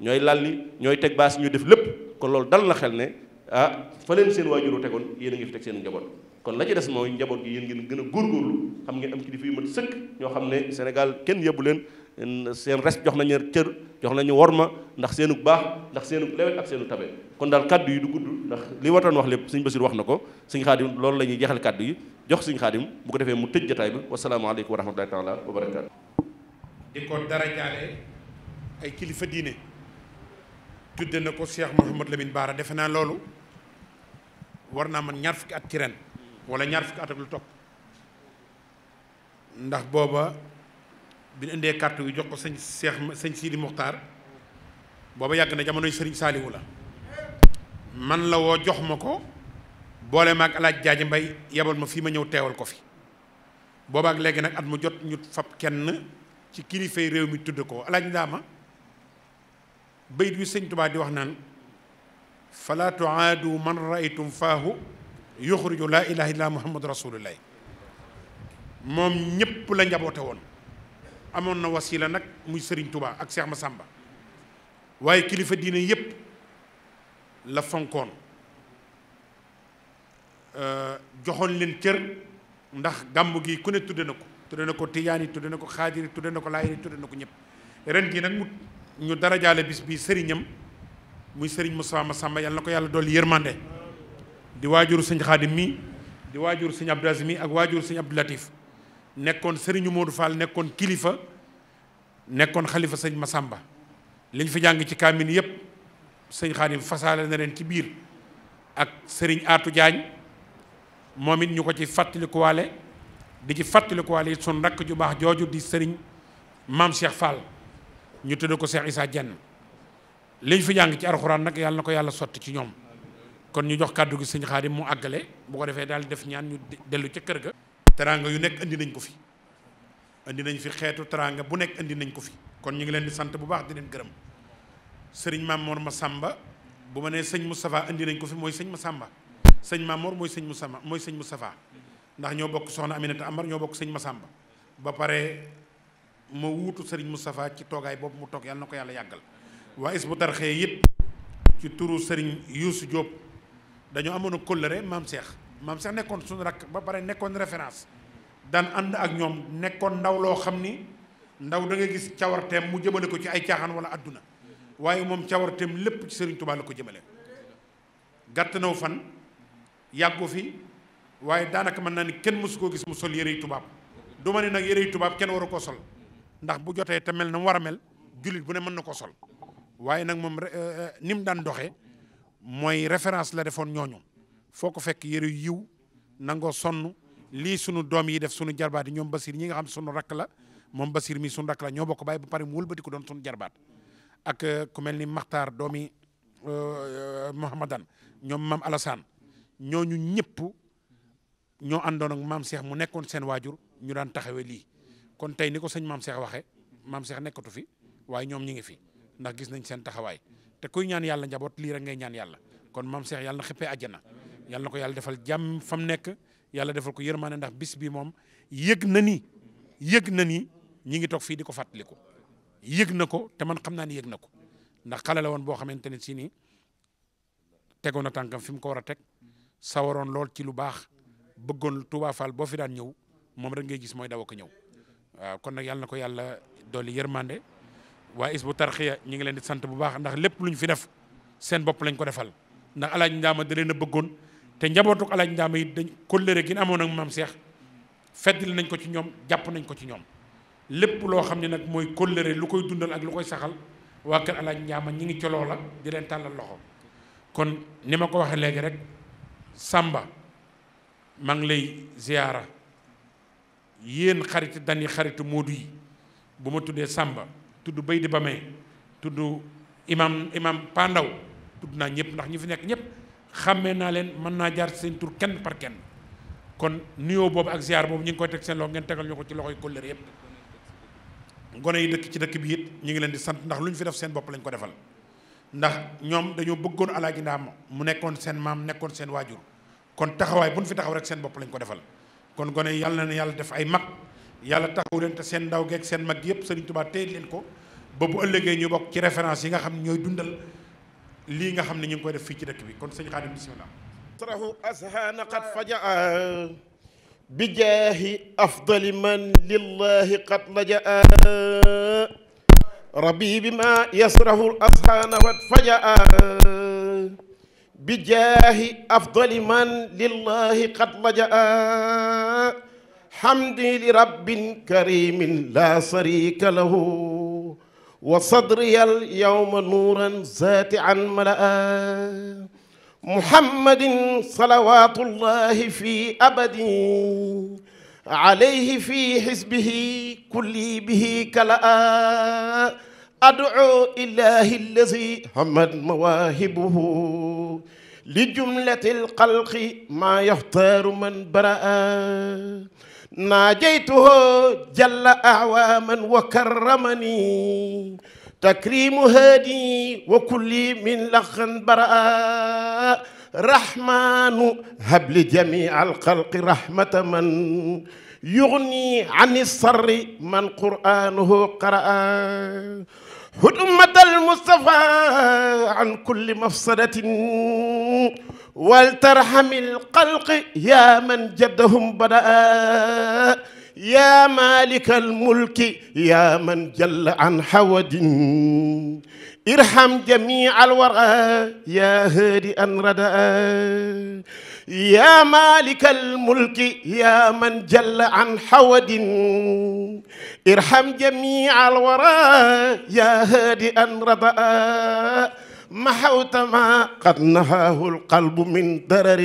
ñooy lalli ñooy teg baa si ñuy def lépp kon loolu dal na xel ne ah fa leen seen waajuru tegoon yéen a ngi fi teg seen njaboot kon la des mooy njaboot gi yéen ngeen gën a góorgóorlu xam ngeen am kilifa yu mat sëkk ñoo xam ne Sénégal kenn yebbu leen seen res jox nañu cër jox nañu worma ndax seenug baax ndax seenug lewet ak seenu tabe kon daal kàddu yi du gudd ndax li watoon wax lépp sëñ Basiir wax na ko sëñ xaadim loolu la ñuy jeexal kaddu yi jox sëñ xaadim bu ko defee mu tëj jataay bi wasalaamaaleykum wa rahmatullahi taala wa barakaatu di ko darajaale ay kilifa diine tudde na ko Cheikh Mouhamad Lamine Baara defe naa loolu war naa man ñaar fukki at ci wala ñaar fukki at lu topp ndax booba bi ñu indee carte yu jox ko sëñ Seex sëñ Sidi Muxtaar booba yàgg na jamonoy sëriñ Saaliwu la man la woo jox ma ko boole ma ak alaaj jaaji mbay yebal ma fii ma ñëw teewal ko fi booba ak léegi nag at mu jot ñu fab kenn ci kilifay réew mi tudd ko alaaj ndaama bayit wi sëñ Tubaa di wax naan fala tuaadu man raaytum faahu yuxuriju laa ilaha illa muhammadu rasulullahi moom ñépp la njaboote woon amoon na wasila nag muy sëriñ tubaa ak seex sàmba waaye kilifa diine yépp la fonkoon euh, joxoon leen cër ndax gàmmu gi ku ne tudde na ko tudde na ko tijaani tudde na ko xaadiri tudde na ko laayiri tudde na ko ñëpp ren gi nag mu ñu darajaale bis bi sëriñam muy sëriñ mu Moussa Massamba yàlla na ko yàlla dool yërmande di waajur sëñ xaadim mi di waajur sëñ Abdou Aziz mi ak waajur sëñ Abdou Latif nekkoon sëriñu Modou Fall nekkoon kilifa nekkoon xalifa sëñ Masamba liñ fi jàng ci kaamin yépp sëñ xaadim fasaale na leen ci biir ak sëriñ aatu Diagne moom it ñu ko ci fàttalikuwaale di ci fàttalikuwaale it sun rakk ju baax jooju di sëriñ maam Cheikh Fall ñu tudd ko Cheikh Issa Dieng liñ fi jàng ci alxuraan nag yàlla na ko yàlla sotti ci ñoom kon ñu jox kàddu gi sëñ Xaadim mu àggale bu ko defee daal def ñaan ñu dellu ca kër ga. teraanga yu nekk indi nañ ko fi indi nañ fi xeetu teraanga bu nekk indi nañ ko fi kon ñu ngi leen di sant bu baax di leen gërëm sëriñ Mamoor Masamba bu ma nee sëñ mu Moustapha indi nañ ko fi mooy sëñ ma sàmba sëñ Mamoor mooy sëñ Moustapha mooy sëñ Moustapha ndax ñoo bokk soxna Aminata Amar ñoo bokk sëñ ma sàmba ba pare ma wuutu sëriñ mu Moustapha ci toogaay boobu mu toog yàlla na ko yàlla yàggal sëriñ Youssou Diop. dañoo amoon kóllëre maam Cheikh maam Cheikh nekkoon suñu rakk ba pare nekkoon référence daan ànd ak ñoom nekkoon ndaw loo xam ni ndaw dangay gis cawarteem mu jëmale ko ci ay caaxaan wala adduna waaye moom cawarteem lépp ci Serigne Touba la ko jëmale. gàtt naw fan yàggu fi waaye daanaka mën naa ni kenn mësu koo gis mu sol yërey tubaab du ma ne nag yërey tubaab kenn waru koo sol ndax bu jotee te mel na mu war a mel jullit bu ne mën na koo sol waaye nag moom eh, eh, ni mu daan doxee. mooy référence la defoon ñooñu foo ko fekk yëre yiw nangoo sonn lii sunu doom yi def sunu jarbaat yi ñoom Basir ñi nga xam sunu rakk la moom Basir mi sunu rakk la ñoo bokk bàyyi ba pare mu wëlbati ko doon sunu jarbaat ak euh, ku mel ni Makhtar doomi euh, euh, Mouhamadan ñoom maam Alassane ñooñu ñëpp ñoo àndoon ak maam Cheikh mu nekkoon seen waajur ñu daan taxawee lii kon tey ni ko sëñ maam Cheikh waxee maam Cheikh nekkatu fi waaye ñoom ñi ngi fi ndax gis nañ seen taxawaay te kuy ñaan yàlla njaboot lii rek ngay ñaan yàlla kon maam Cheikh yàlla na xëppee àjjana yàlla na ko yàlla defal jàmm fam nekk yàlla defal ko yërmaane ndax bis bi moom yëg na ni yëg na ni ñi ngi toog fii di ko fàttaliku yëg na ko te man xam naa ni yëg na ko ndax xale woon boo xamante ne si ni tegoon na tànkam fi mu ko war a teg sawaroon lool ci lu baax bëggoon Touba Fall boo fi daan ñëw moom rek ngay gis mooy daw ko ñëw waaw kon yàlla ko yàlla dolli yërmande waaye is bu tarxiya ñi ngi leen di sant bu baax ndax lépp lu ñu fi def seen bopp lañ ko defal ndax alaaji ndaama da leen a bëggoon te njabootuk alaaji ndaama yi dañ kóllëre gi amoon ak maam seex feddali nañ ko ci ñoom jàpp nañ ko ci ñoom lépp loo xam ne nag mooy kóllëre lu koy dundal ak lu koy saxal waa kër alaaji ndaama ñi ngi ci loola di leen tàllal loxo kon ni ma ko waxee léegi rek sàmba maa ngi lay ziyaara yéen xarit dañuy xaritu Moodu yi bu ma tuddee Samba tudd bay di ba bamee tudd imam imam pandaw tudd naa ñëpp ndax ñu fi nekk ñëpp xàmmee naa leen mën naa jaar seen tur kenn par kenn kon nuyoo boobu ak ziar boobu ñu ngi koy teg seen ñu ko ci loxoy kóllëre yëpp gone yi dëkk ci dëkk bi it ñu ngi leen di sant ndax lu ñu fi def seen bopp lañ ko defal ndax ñoom dañoo bëggoon alaaji ndaam mu nekkoon seen maam nekkoon seen waajur kon taxawaay bu ñu fi taxaw rek seen bopp lañ ko defal kon gone yi yàlla na yàlla def ay mag yàlla taxawu leen te seen ndaw geeg seen mag yëpp Serigne Touba téye leen ko ba bu ëllëgee ñu bokk ci référence yi nga xam ñooy dundal lii nga xam ne ñu ngi koy def fii ci dëkk bi kon sëñ Xaadim bismillah asrahu ashana qad fajaa bi jaahi afdali man lillahi qad lajaa hamdi li rabbin karimin la sharika lahu wa sadri al yawma nuuran zaati'an mala'a muhammadin salawatullahi fi abadi alayhi fi hizbihi kulli bihi kala'a ad'u ilahi allazi hamad mawahibuhu li jumlatil xalqi ma yaxtaaru man bara'a ناجيته جل أعواما وكرمني تكريم هادي وكل من لخن برأ رحمن هب لجميع الخلق رحمة من يغني عن الصر من قرآنه قرأ هدمة المصطفى عن كل مفسدة ولترحم القلق يا من جدهم بدأ يا مالك الملك يا من جل عن حود ارحم جميع الورى يا هادئا ردى يا مالك الملك يا من جل عن حود ارحم جميع الورى يا هادئا ردى محوت ما قد نهاه القلب من درر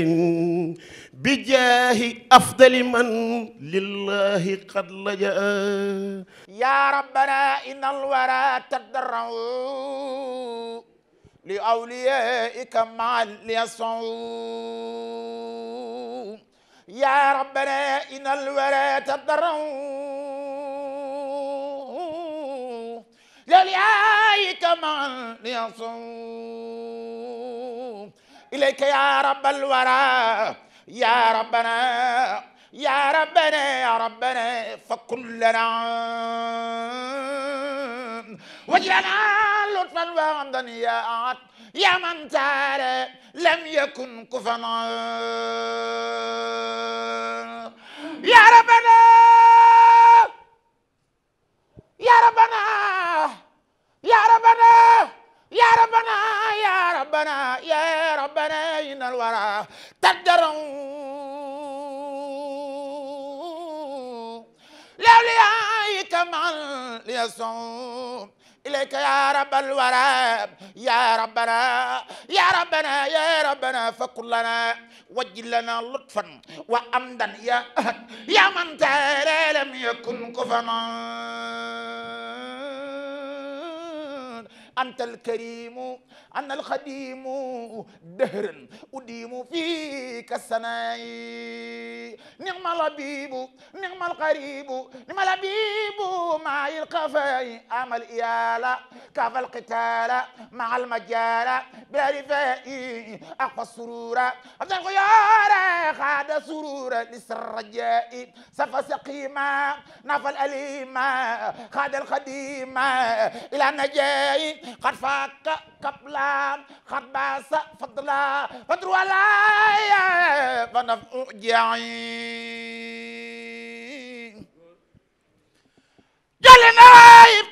بجاه أفضل من لله قد لجأ يا ربنا إن الورى تضرعوا لأوليائك معا ليسعوا يا ربنا إن الورى تضرعوا للياي كمان ليصوم إليك يا رب الورى يا ربنا يا ربنا يا ربنا فكلنا وجعلنا لطفا وعمدا يا أعد يا من تعالى لم يكن كفنا يا ربنا يا ربنا يا ربنا يا ربنا يا ربنا يا ربنا إن الورى تقدر لأوليائك معا ليصوم إليك يا رب الورى يا ربنا يا ربنا يا ربنا فقل لنا وجه لنا لطفا وأمدا يا يا من تعالى لم يكن كفنا أنت الكريم أنا الخديم دهرا أديم فيك السناء نعم الحبيب نعم القريب نعم الحبيب مع القفاء أما الإيالة كفى القتال مع المجال بلا رفاء أقوى السرور أبدا الخيار خاد سرور لسر الرجاء سفى سقيما نفى الأليما خاد الخديم إلى نجاي قد فاك قبل السلام قد باس فضلا فضل ولاي فنفع جعي جل نايب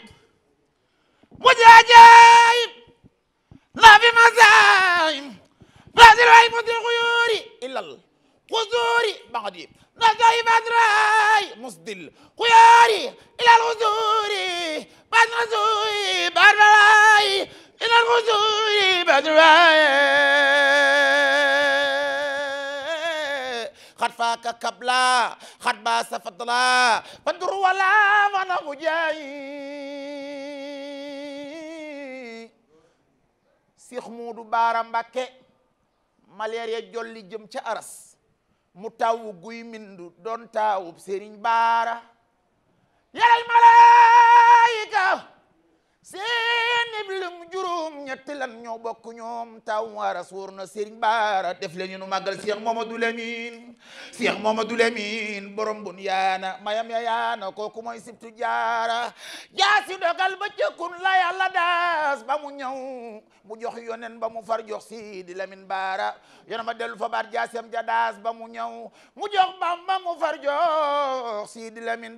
مجاجيب لا في مزايم فاز الوعي مثل الغيور إلا القصور بعدي نزاي بدراي مصدل خياري إلى الغزور بعد نزوي بربراي إلى الغزور بدرا قد فاك كبلا قد باس فضلا فانظر ولا وانا مجاي سيخ مودو بارا مباكي malaria jolli jëm ca aras mu taw guy mindu doon taawub sëriñ baara yaral malaayika ñett lan ñoo bokk ñoom taw waara suur na Serigne Baara def leen ñu nu màggal Cheikh Mamadou Lamine Cheikh Mamadou Lamine borom bun yaana mayam ya yaana kooku mooy sibtu jaara jaasi dogal ba cëkkun la yàlla daas ba mu ñëw mu jox yonen ba mu far jox Sidi Lamine Baara yona ma dellu fa baat jaasem ba mu ñëw mu jox Bamba mu far jox Sidi Lamine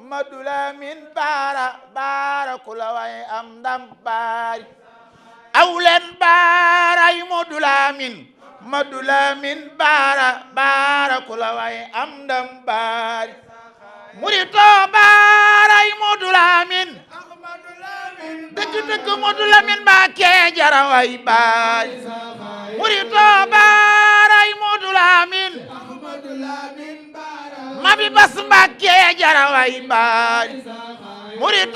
Madu Lamin baara baara ku la way am ndam baari aw leen baaray Madu Lamin Madu Lamin baara baara ku am ndam baari murito baaray Madu Lamin dëgg dëgg Madu Lamin ba kee jara way baari murito baar Ahmadou Lamine ma fi bas Mbàkke jaraway mbaaj murid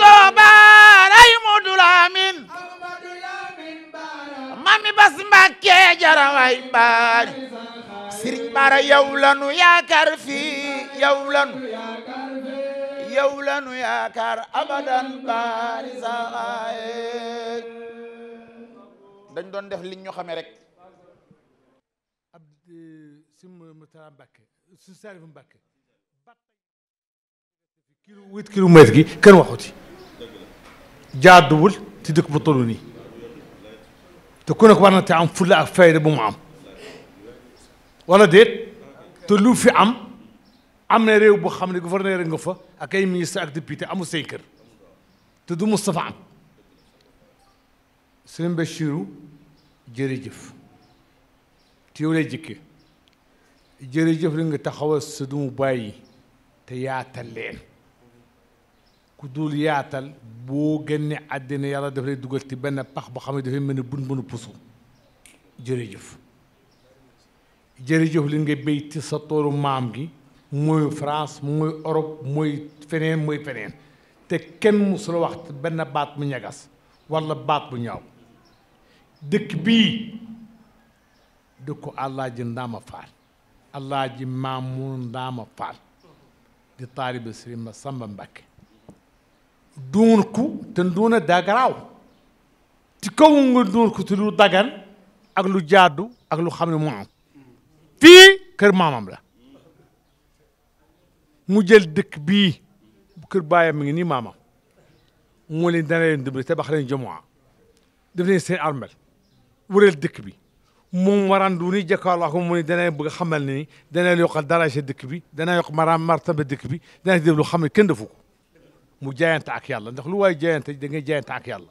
Bara yow lanu fii yow lanu yow lanu yaakaar abadan bari saxaaye doon def liñ ñu Mourtala Mbacke suñu Saalifu Mbacke kilo huit kilomètre gi kenn waxu ci jaaduwul ci dëkk bu toll nii te ku nekk war na te am fulla ak fayda bu mu am wala déet te lu fi am am na réew boo xam ne gouverneur nga fa ak ay ministre ak député amul seen kër te du Moustapha am Serigne Bachirou jërëjëf ci yow lay jikkee jërëjëf li nga taxawal sa dumu bàyyi te yaatal leen ku dul yaatal boo génne àddina yàlla daf lay dugal ci benn pax boo xam ne dafay mel ne bun bunu pusu jërëjëf jërëjëf li nga béy ci sa toolu maam gi mooy France mooy Europe mooy feneen mooy feneen te kenn musula wax benn baat bu ñagas walla baat bu ñaaw dëkk bii dëkku àllaaji Ndaama Faal alaaji Maamun Ndaama Faal di taalibe Sëriñ Masamba Mbakke duun ku te nduuna daa garaaw ci kaw nga duun ku te lu dagan ak lu jaadu ak lu xam ne mu am fii kër maamam la mu jël dëkk bii kër baayam mi ngi nii maamam moo leen dana leen dimbali tabax leen jamaa def leen seen armel wëreel dëkk bi moom waranduni jàkkaarloo mu ni dana bëgg xamal ni dana yokkal daraja dëkk bi dana yokk mara martaba dëkk bi dana def lu xam ne kenn defu ko mu jaayante ak yàlla ndax lu waay jaayante da ngay jaayante ak yàlla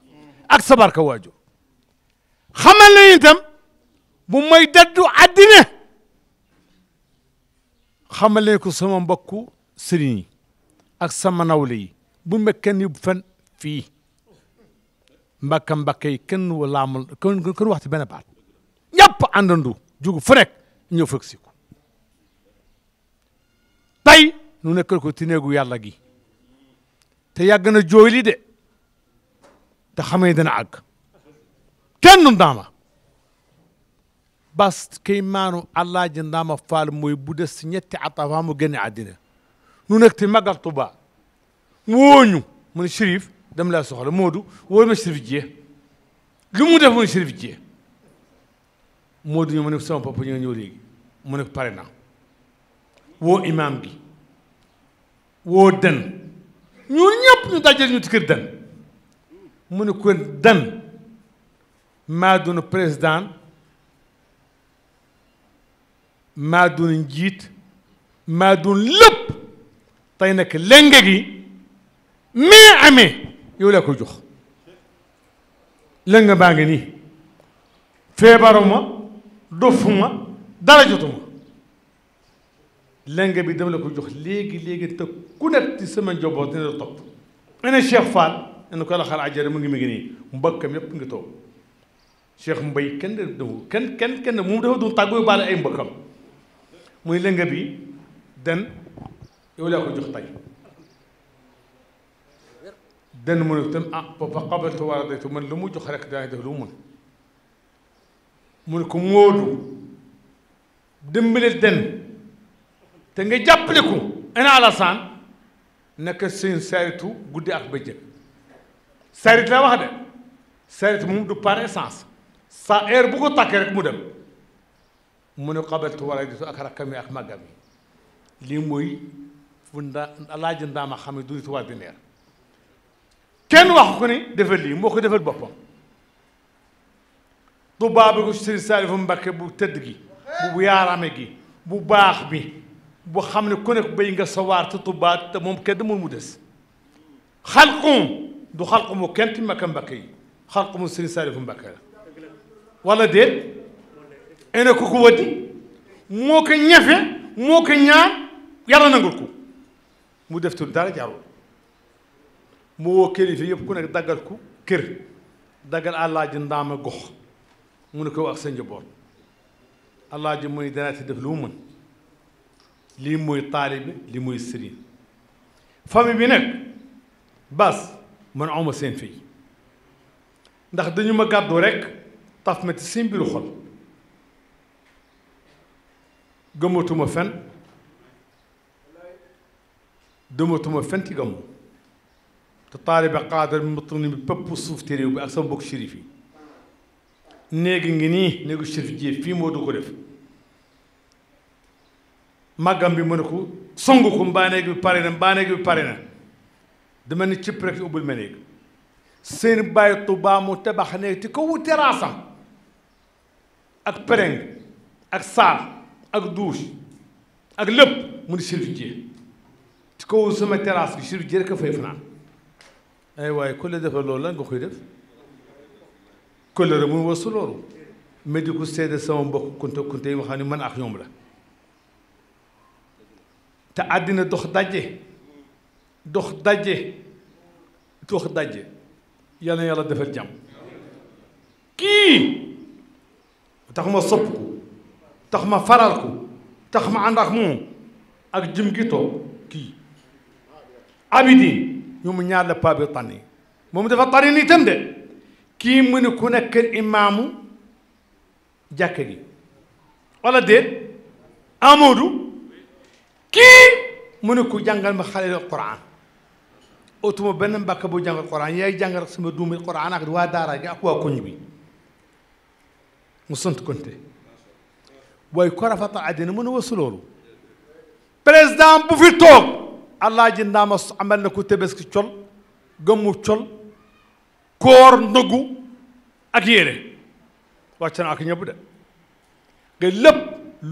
ak sabarka waajur xamal nañu itam bu may daddu addina xamal nañ ko sama mbokku sëriñ yi ak sama nawle yi bu mekken ni fan fii mbakka mbakka yi kenn laamul kenn kenn waxtu benn baat ñëpp àndandu jugu fu nekk ñëw fëg si ko tey ko ci néegu yàlla gi te yàgg na jooy li de te xamee dana àgg kenn ndaama bas kay maanu allaaji ndaama faal mooy bu des si ñetti atafaa mu génne àddina nu nekk ti magal Tuba wooñu mu ne Chérif dem laa soxla Moodu woo ma Chérif Dieng lu mu def mu ne Chérif moo duñu mu ne sama ñu ñoo ñëw léegi mu ne pare na woo imaam bi woo den ñu ñëpp ñu dajale ñu ci kër den mu ne ko den maa doon président maa doon njiit maa doon lépp tey nag lenge gi mais amee yow laa ko jox lenge baa ngi nii feebaruma dofuma dara jotuma lenge bi dama la ko jox léegi léegi te ku nekk ci sama njaboot dina la topp ene Cheikh Fall ene ko la xaar àjjana mu ngi mu ngi nii mbokkam yépp ngi toog Cheikh Mbay kenn de dafa kenn kenn kenn moom dafa tàggoo baale ay mbokkam muy lenge bi den yow laa ko jox tay den mu tam ah ba ba xabaltu a daytu man lu mu jox rek daa def mu ne ko Moodu dimbali den te nga jàppale ko ana Alassane naka seen saritu guddi ak bëccëg sarit la wax de sarit moom du par essence sa heure bu ko tàkkee rek mu dem mu ne xabaltu wala ditu ak rakkam yi ak màggam yi lii mooy fu nda alaaji ndaama xam ne du nit waa dineer kenn waxu ko ni defal lii moo ko defal boppam Tuubaa bi ko Sëriñ Saalifu Mbakke bu tëdd bu yaarame bu baax bi bu xam ne ku nekk bay nga sawaar te Tuubaa te mu des xalqum du xalqumu kenn ti Mbakke Mbakke yi xalqumu Sëriñ Saalifu Mbakke la wala déet ene ko waddi moo ko ñafe moo ko ñaar yàlla nangul mu def tu dara mu woo kilifa yëpp ku nekk daggal ku kër daggal àllaaji ndaama gox mu ne ko ak sa njaboot allah ji muy danaa ci def lu mu lii mooy taalibe li muy sëriñ famille bi nag bas man awma seen fii ndax dañu ma gàddu rekk taf ma ci seen biiru xol gëmatuma fen dëmatuma fen ci gàmmu te taalibe xaadar bi ma tourné bi pëpp suuf te réew bi ak sama bokk shérif néegi ngi nii néegu Chérif Dié fii moo du ko def màggam bi mën a ko song ko mbaa néeg bi pare na mbaa néeg bi pare na dama ni cëpp rek ubbul ma néeg seen bàyyi Tuubaa tabax néeg te kawu terrasse am ak pereng ak saal ak douche ak lépp mu ni Chérif Dié ci kaw sama terrasse bi Chérif Dié rek a fay fanaan ay waaye ku la loolu lan nga koy def kóllëre mu wasu loolu mais di ko seede sama mbokk kunta kunta yi nga xam man ak ñoom la te àddina dox daje dox daje dox daje yal na yàlla defal jàmm kii tax ma sopp tax ma faral tax ma ànd ak moom ak jëm gi kii abidin ñu mu ñaar la paa bi tànni moom dafa tànni nii tam de kii mu ne ku nekk imaamu jàkka gi wala déet kii mu ne ma xale la Qur'an utuma benn mbàkk bu jàngal Qur'an yaay jàngal sama duumi Qur'an ak waa daara gi waa koñ bi mu sant konte waaye ko rafet àddina mën a wasu loolu bu fi toog allah ji ndaama amal na ku col gëmmu col koor ndogu ak yére wàcc na ak ñëpp de nga lépp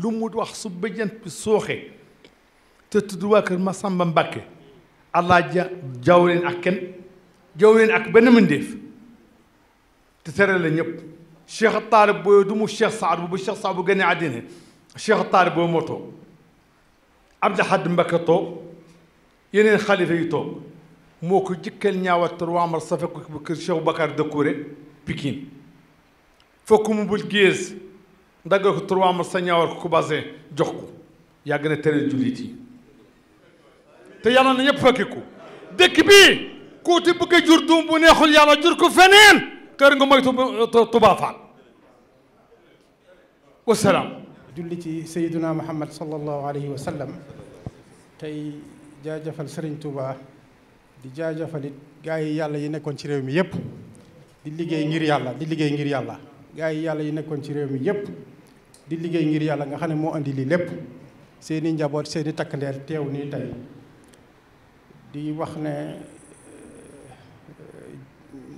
lu wax su bëjjant bi sooxee te tudd waa kër Masamba allah ja ak kenn jaw leen ak benn mëndéef te tere la ñëpp cheikh taalib boobu du mu cheikh bu bu cheikh saad bu cheikh taalib boobu moo toog Abdou Hadj Mbàkke toog yeneen xalifa yi toog moo ko jëkkal ñaawattar waamal safe ko bu kër Cheikh Bakar Dëkkoore Pikine fokku mu bul gées ndagga ko turwaamal sa ñaawar ko basin jox ko yàgg na tere jullit yi te yàlla na ñëpp fekke ko dëkk bii kuuti bëgg a jur duum bu neexul yàlla jur ko feneen kër nga moytu Touba Fall wasalaam julli ci sayyiduna muhammad sallallahu alayhi wa sallam tey jaajëfal sëriñ Touba di jaajëfalit gaa yi yàlla yi nekkoon ci réew mi yëpp di liggéey ngir yàlla di liggéey ngir yàlla gaa yi yàlla yi nekkoon ci réew mi yëpp di liggéey ngir yàlla nga xam ne moo andi lii lépp seeni njaboot seeni takk ndeer teew nii tey di wax ne eh,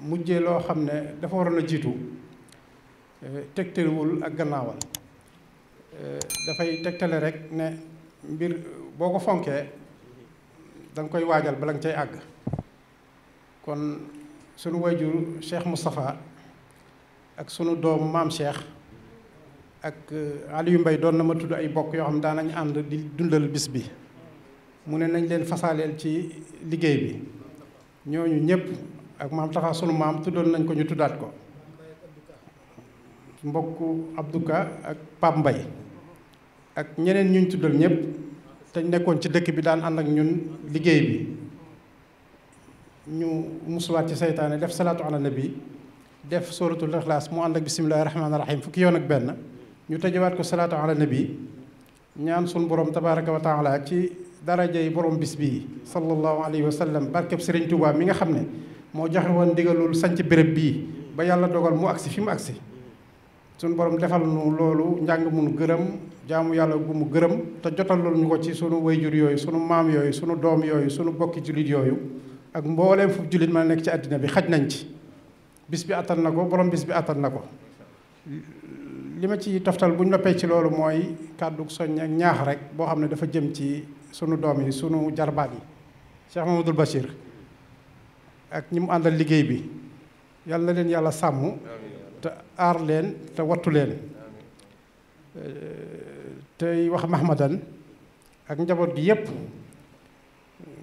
mujjee loo xam ne dafa waroon a jiitu eh, tegtalewul ak gannaawal eh, dafay tegtale rek ne mbir boo ko fonkee da koy waajal bala nga cay àgg kon sunu wayjur Cheikh Moustapha ak sunu doomu maam Cheikh ak euh, Aliou mbay doon na ma tudd ay bokk yoo xam daanañ ànd di dundal bis bi mu ne nañ leen fasaaleel ci liggéey bi ñooñu ñëpp ak maam taxa sunu maam tuddoon nañ ko ñu tuddaat ko mbokk Abdouka ak Pape mbay ak ñeneen ñu tuddal ñëpp te nekkoon ci dëkk bi daan ànd ak ñun liggéey bi ñu musuwaat ci seytaane def salaatu ala nabi def suratul ixlaas mu ànd ak bisimilahi rahmaani rahim fukki yoon ak benn ñu tëjewaat ko salaatu ala nabi ñaan sun borom tabaraka wa taala ci darajey borom bis bii sallallahu alayhi wa sallam barkeb Sëriñ Tuubaa mi nga xam ne moo joxe woon ndigalul sanc béréb bii ba yàlla dogal mu agsi fi mu agsi sunu borom defal nu loolu njàng munu gërëm jaamu yàlla gu mu gërëm te jotal loolu ñu ko ci sunu wayjur yooyu sunu maam yooyu sunu doom yooyu sunu bokki jullit yooyu ak mbooleem fu jullit ma nekk ci àddina bi xaj nañ ci bis bi àttan na ko borom bis bi àttan na ko li ma ci toftal bu ñu noppee ci loolu mooy kàddu soññ ak ñaax rek boo xam ne dafa jëm ci sunu doom yi sunu jarbaat yi Cheikh ak ñi mu àndal liggéey bi yàlla na leen yàlla sàmm te leen te wattu leen tey mahmadan ak njaboot gi yépp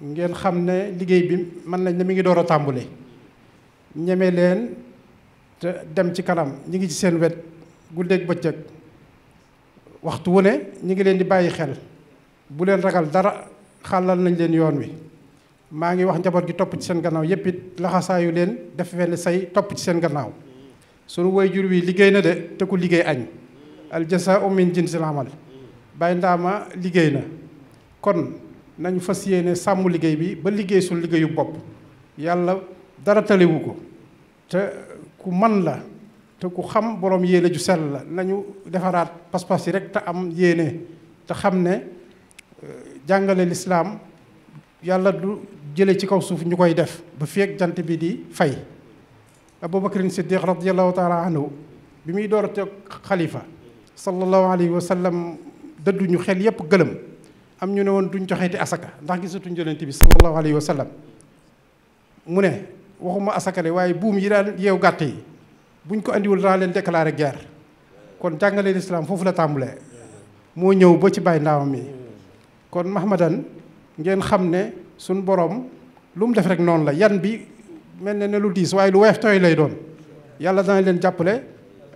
ngeen xam ne liggéey bi mën nañ ne mi ngi door a tàmbali ñeme leen te dem ci kanam ñi ngi ci seen wet guddeeg bëccëg waxtu wu ne ñi ngi leen di bàyyi xel bu leen ragal dara xàllal nañ leen yoon wi maa ngi wax njaboot gi topp ci seen gannaaw yépp it laxasaayu leen def wenn say topp ci seen gannaaw sunu jur wi liggéey na de te ku liggéey añ aljasaa'u min jinsil amal bàyyi ndaama liggéey na kon nañu fas yéene sàmm liggéey bi ba liggéey suñu liggéeyu bopp yàlla dara taliwu ko te ku man la te ku xam borom yéene ju sel la nañu defaraat pas-pas yi rek te am yéene te xam ne euh, jàngale lislaam yàlla du jële ci kaw suuf ñu koy def ba feek jant bi di fay aboubacrine siddiq radiallahu taala bi muy door a toog xalifa sallallahu alayhi wa sallam dëdduñu xel yépp gëlëm am ñu ne woon duñ joxeeti asaka ndax gisatuñ yonent bi sallallahu alayhi wa sallam mu ne waxuma asaka de waaye buum yi daan yeew gàtt yi buñ ko indiwul daa leen déclaré guerre kon jàngale lislaam foofu la tàmbulee moo ñëw ba ci bàyyi ndaawam yi kon mahmadan ngeen xam ne suñ boroom lu mu def rek noonu la yan bi mel na ne lu diis waaye lu weef tooy lay doon yàlla dana leen jàppale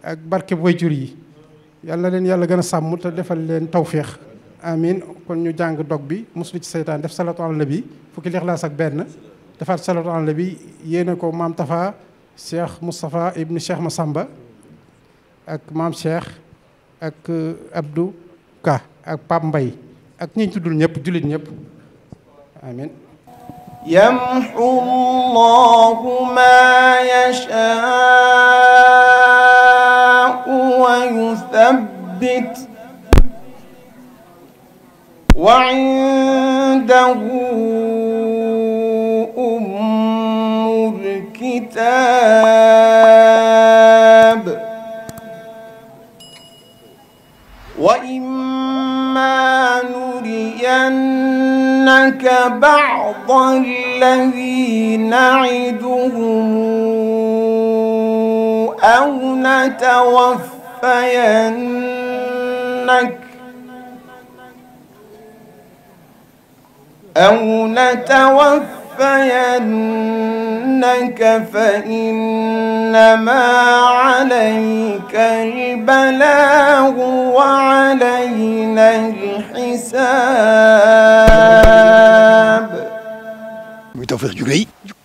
ak barke wayjur yi yàlla leen yàlla gën a sàmm te defal leen tawféex amin kon ñu jàng dog bi muslu ci seytaan def salatu ala nabi fukki lixlaas ak benn defaat salatu ala nabi yéene ko maam Tafa Cheikh Moustapha ibnu Cheikh Massamba ak maam Cheikh ak euh, Abdou ak Pape Mbaye ak ñi ñu jullit ñëpp yamxu llahu ma yashaau wa yuthabbit وعنده أم الكتاب وإما نرينك بعض الذي نعدهم أو نتوفينك أو نتوفينك فإنما عليك البلاغ وعلينا الحساب muy Tawfekh jugee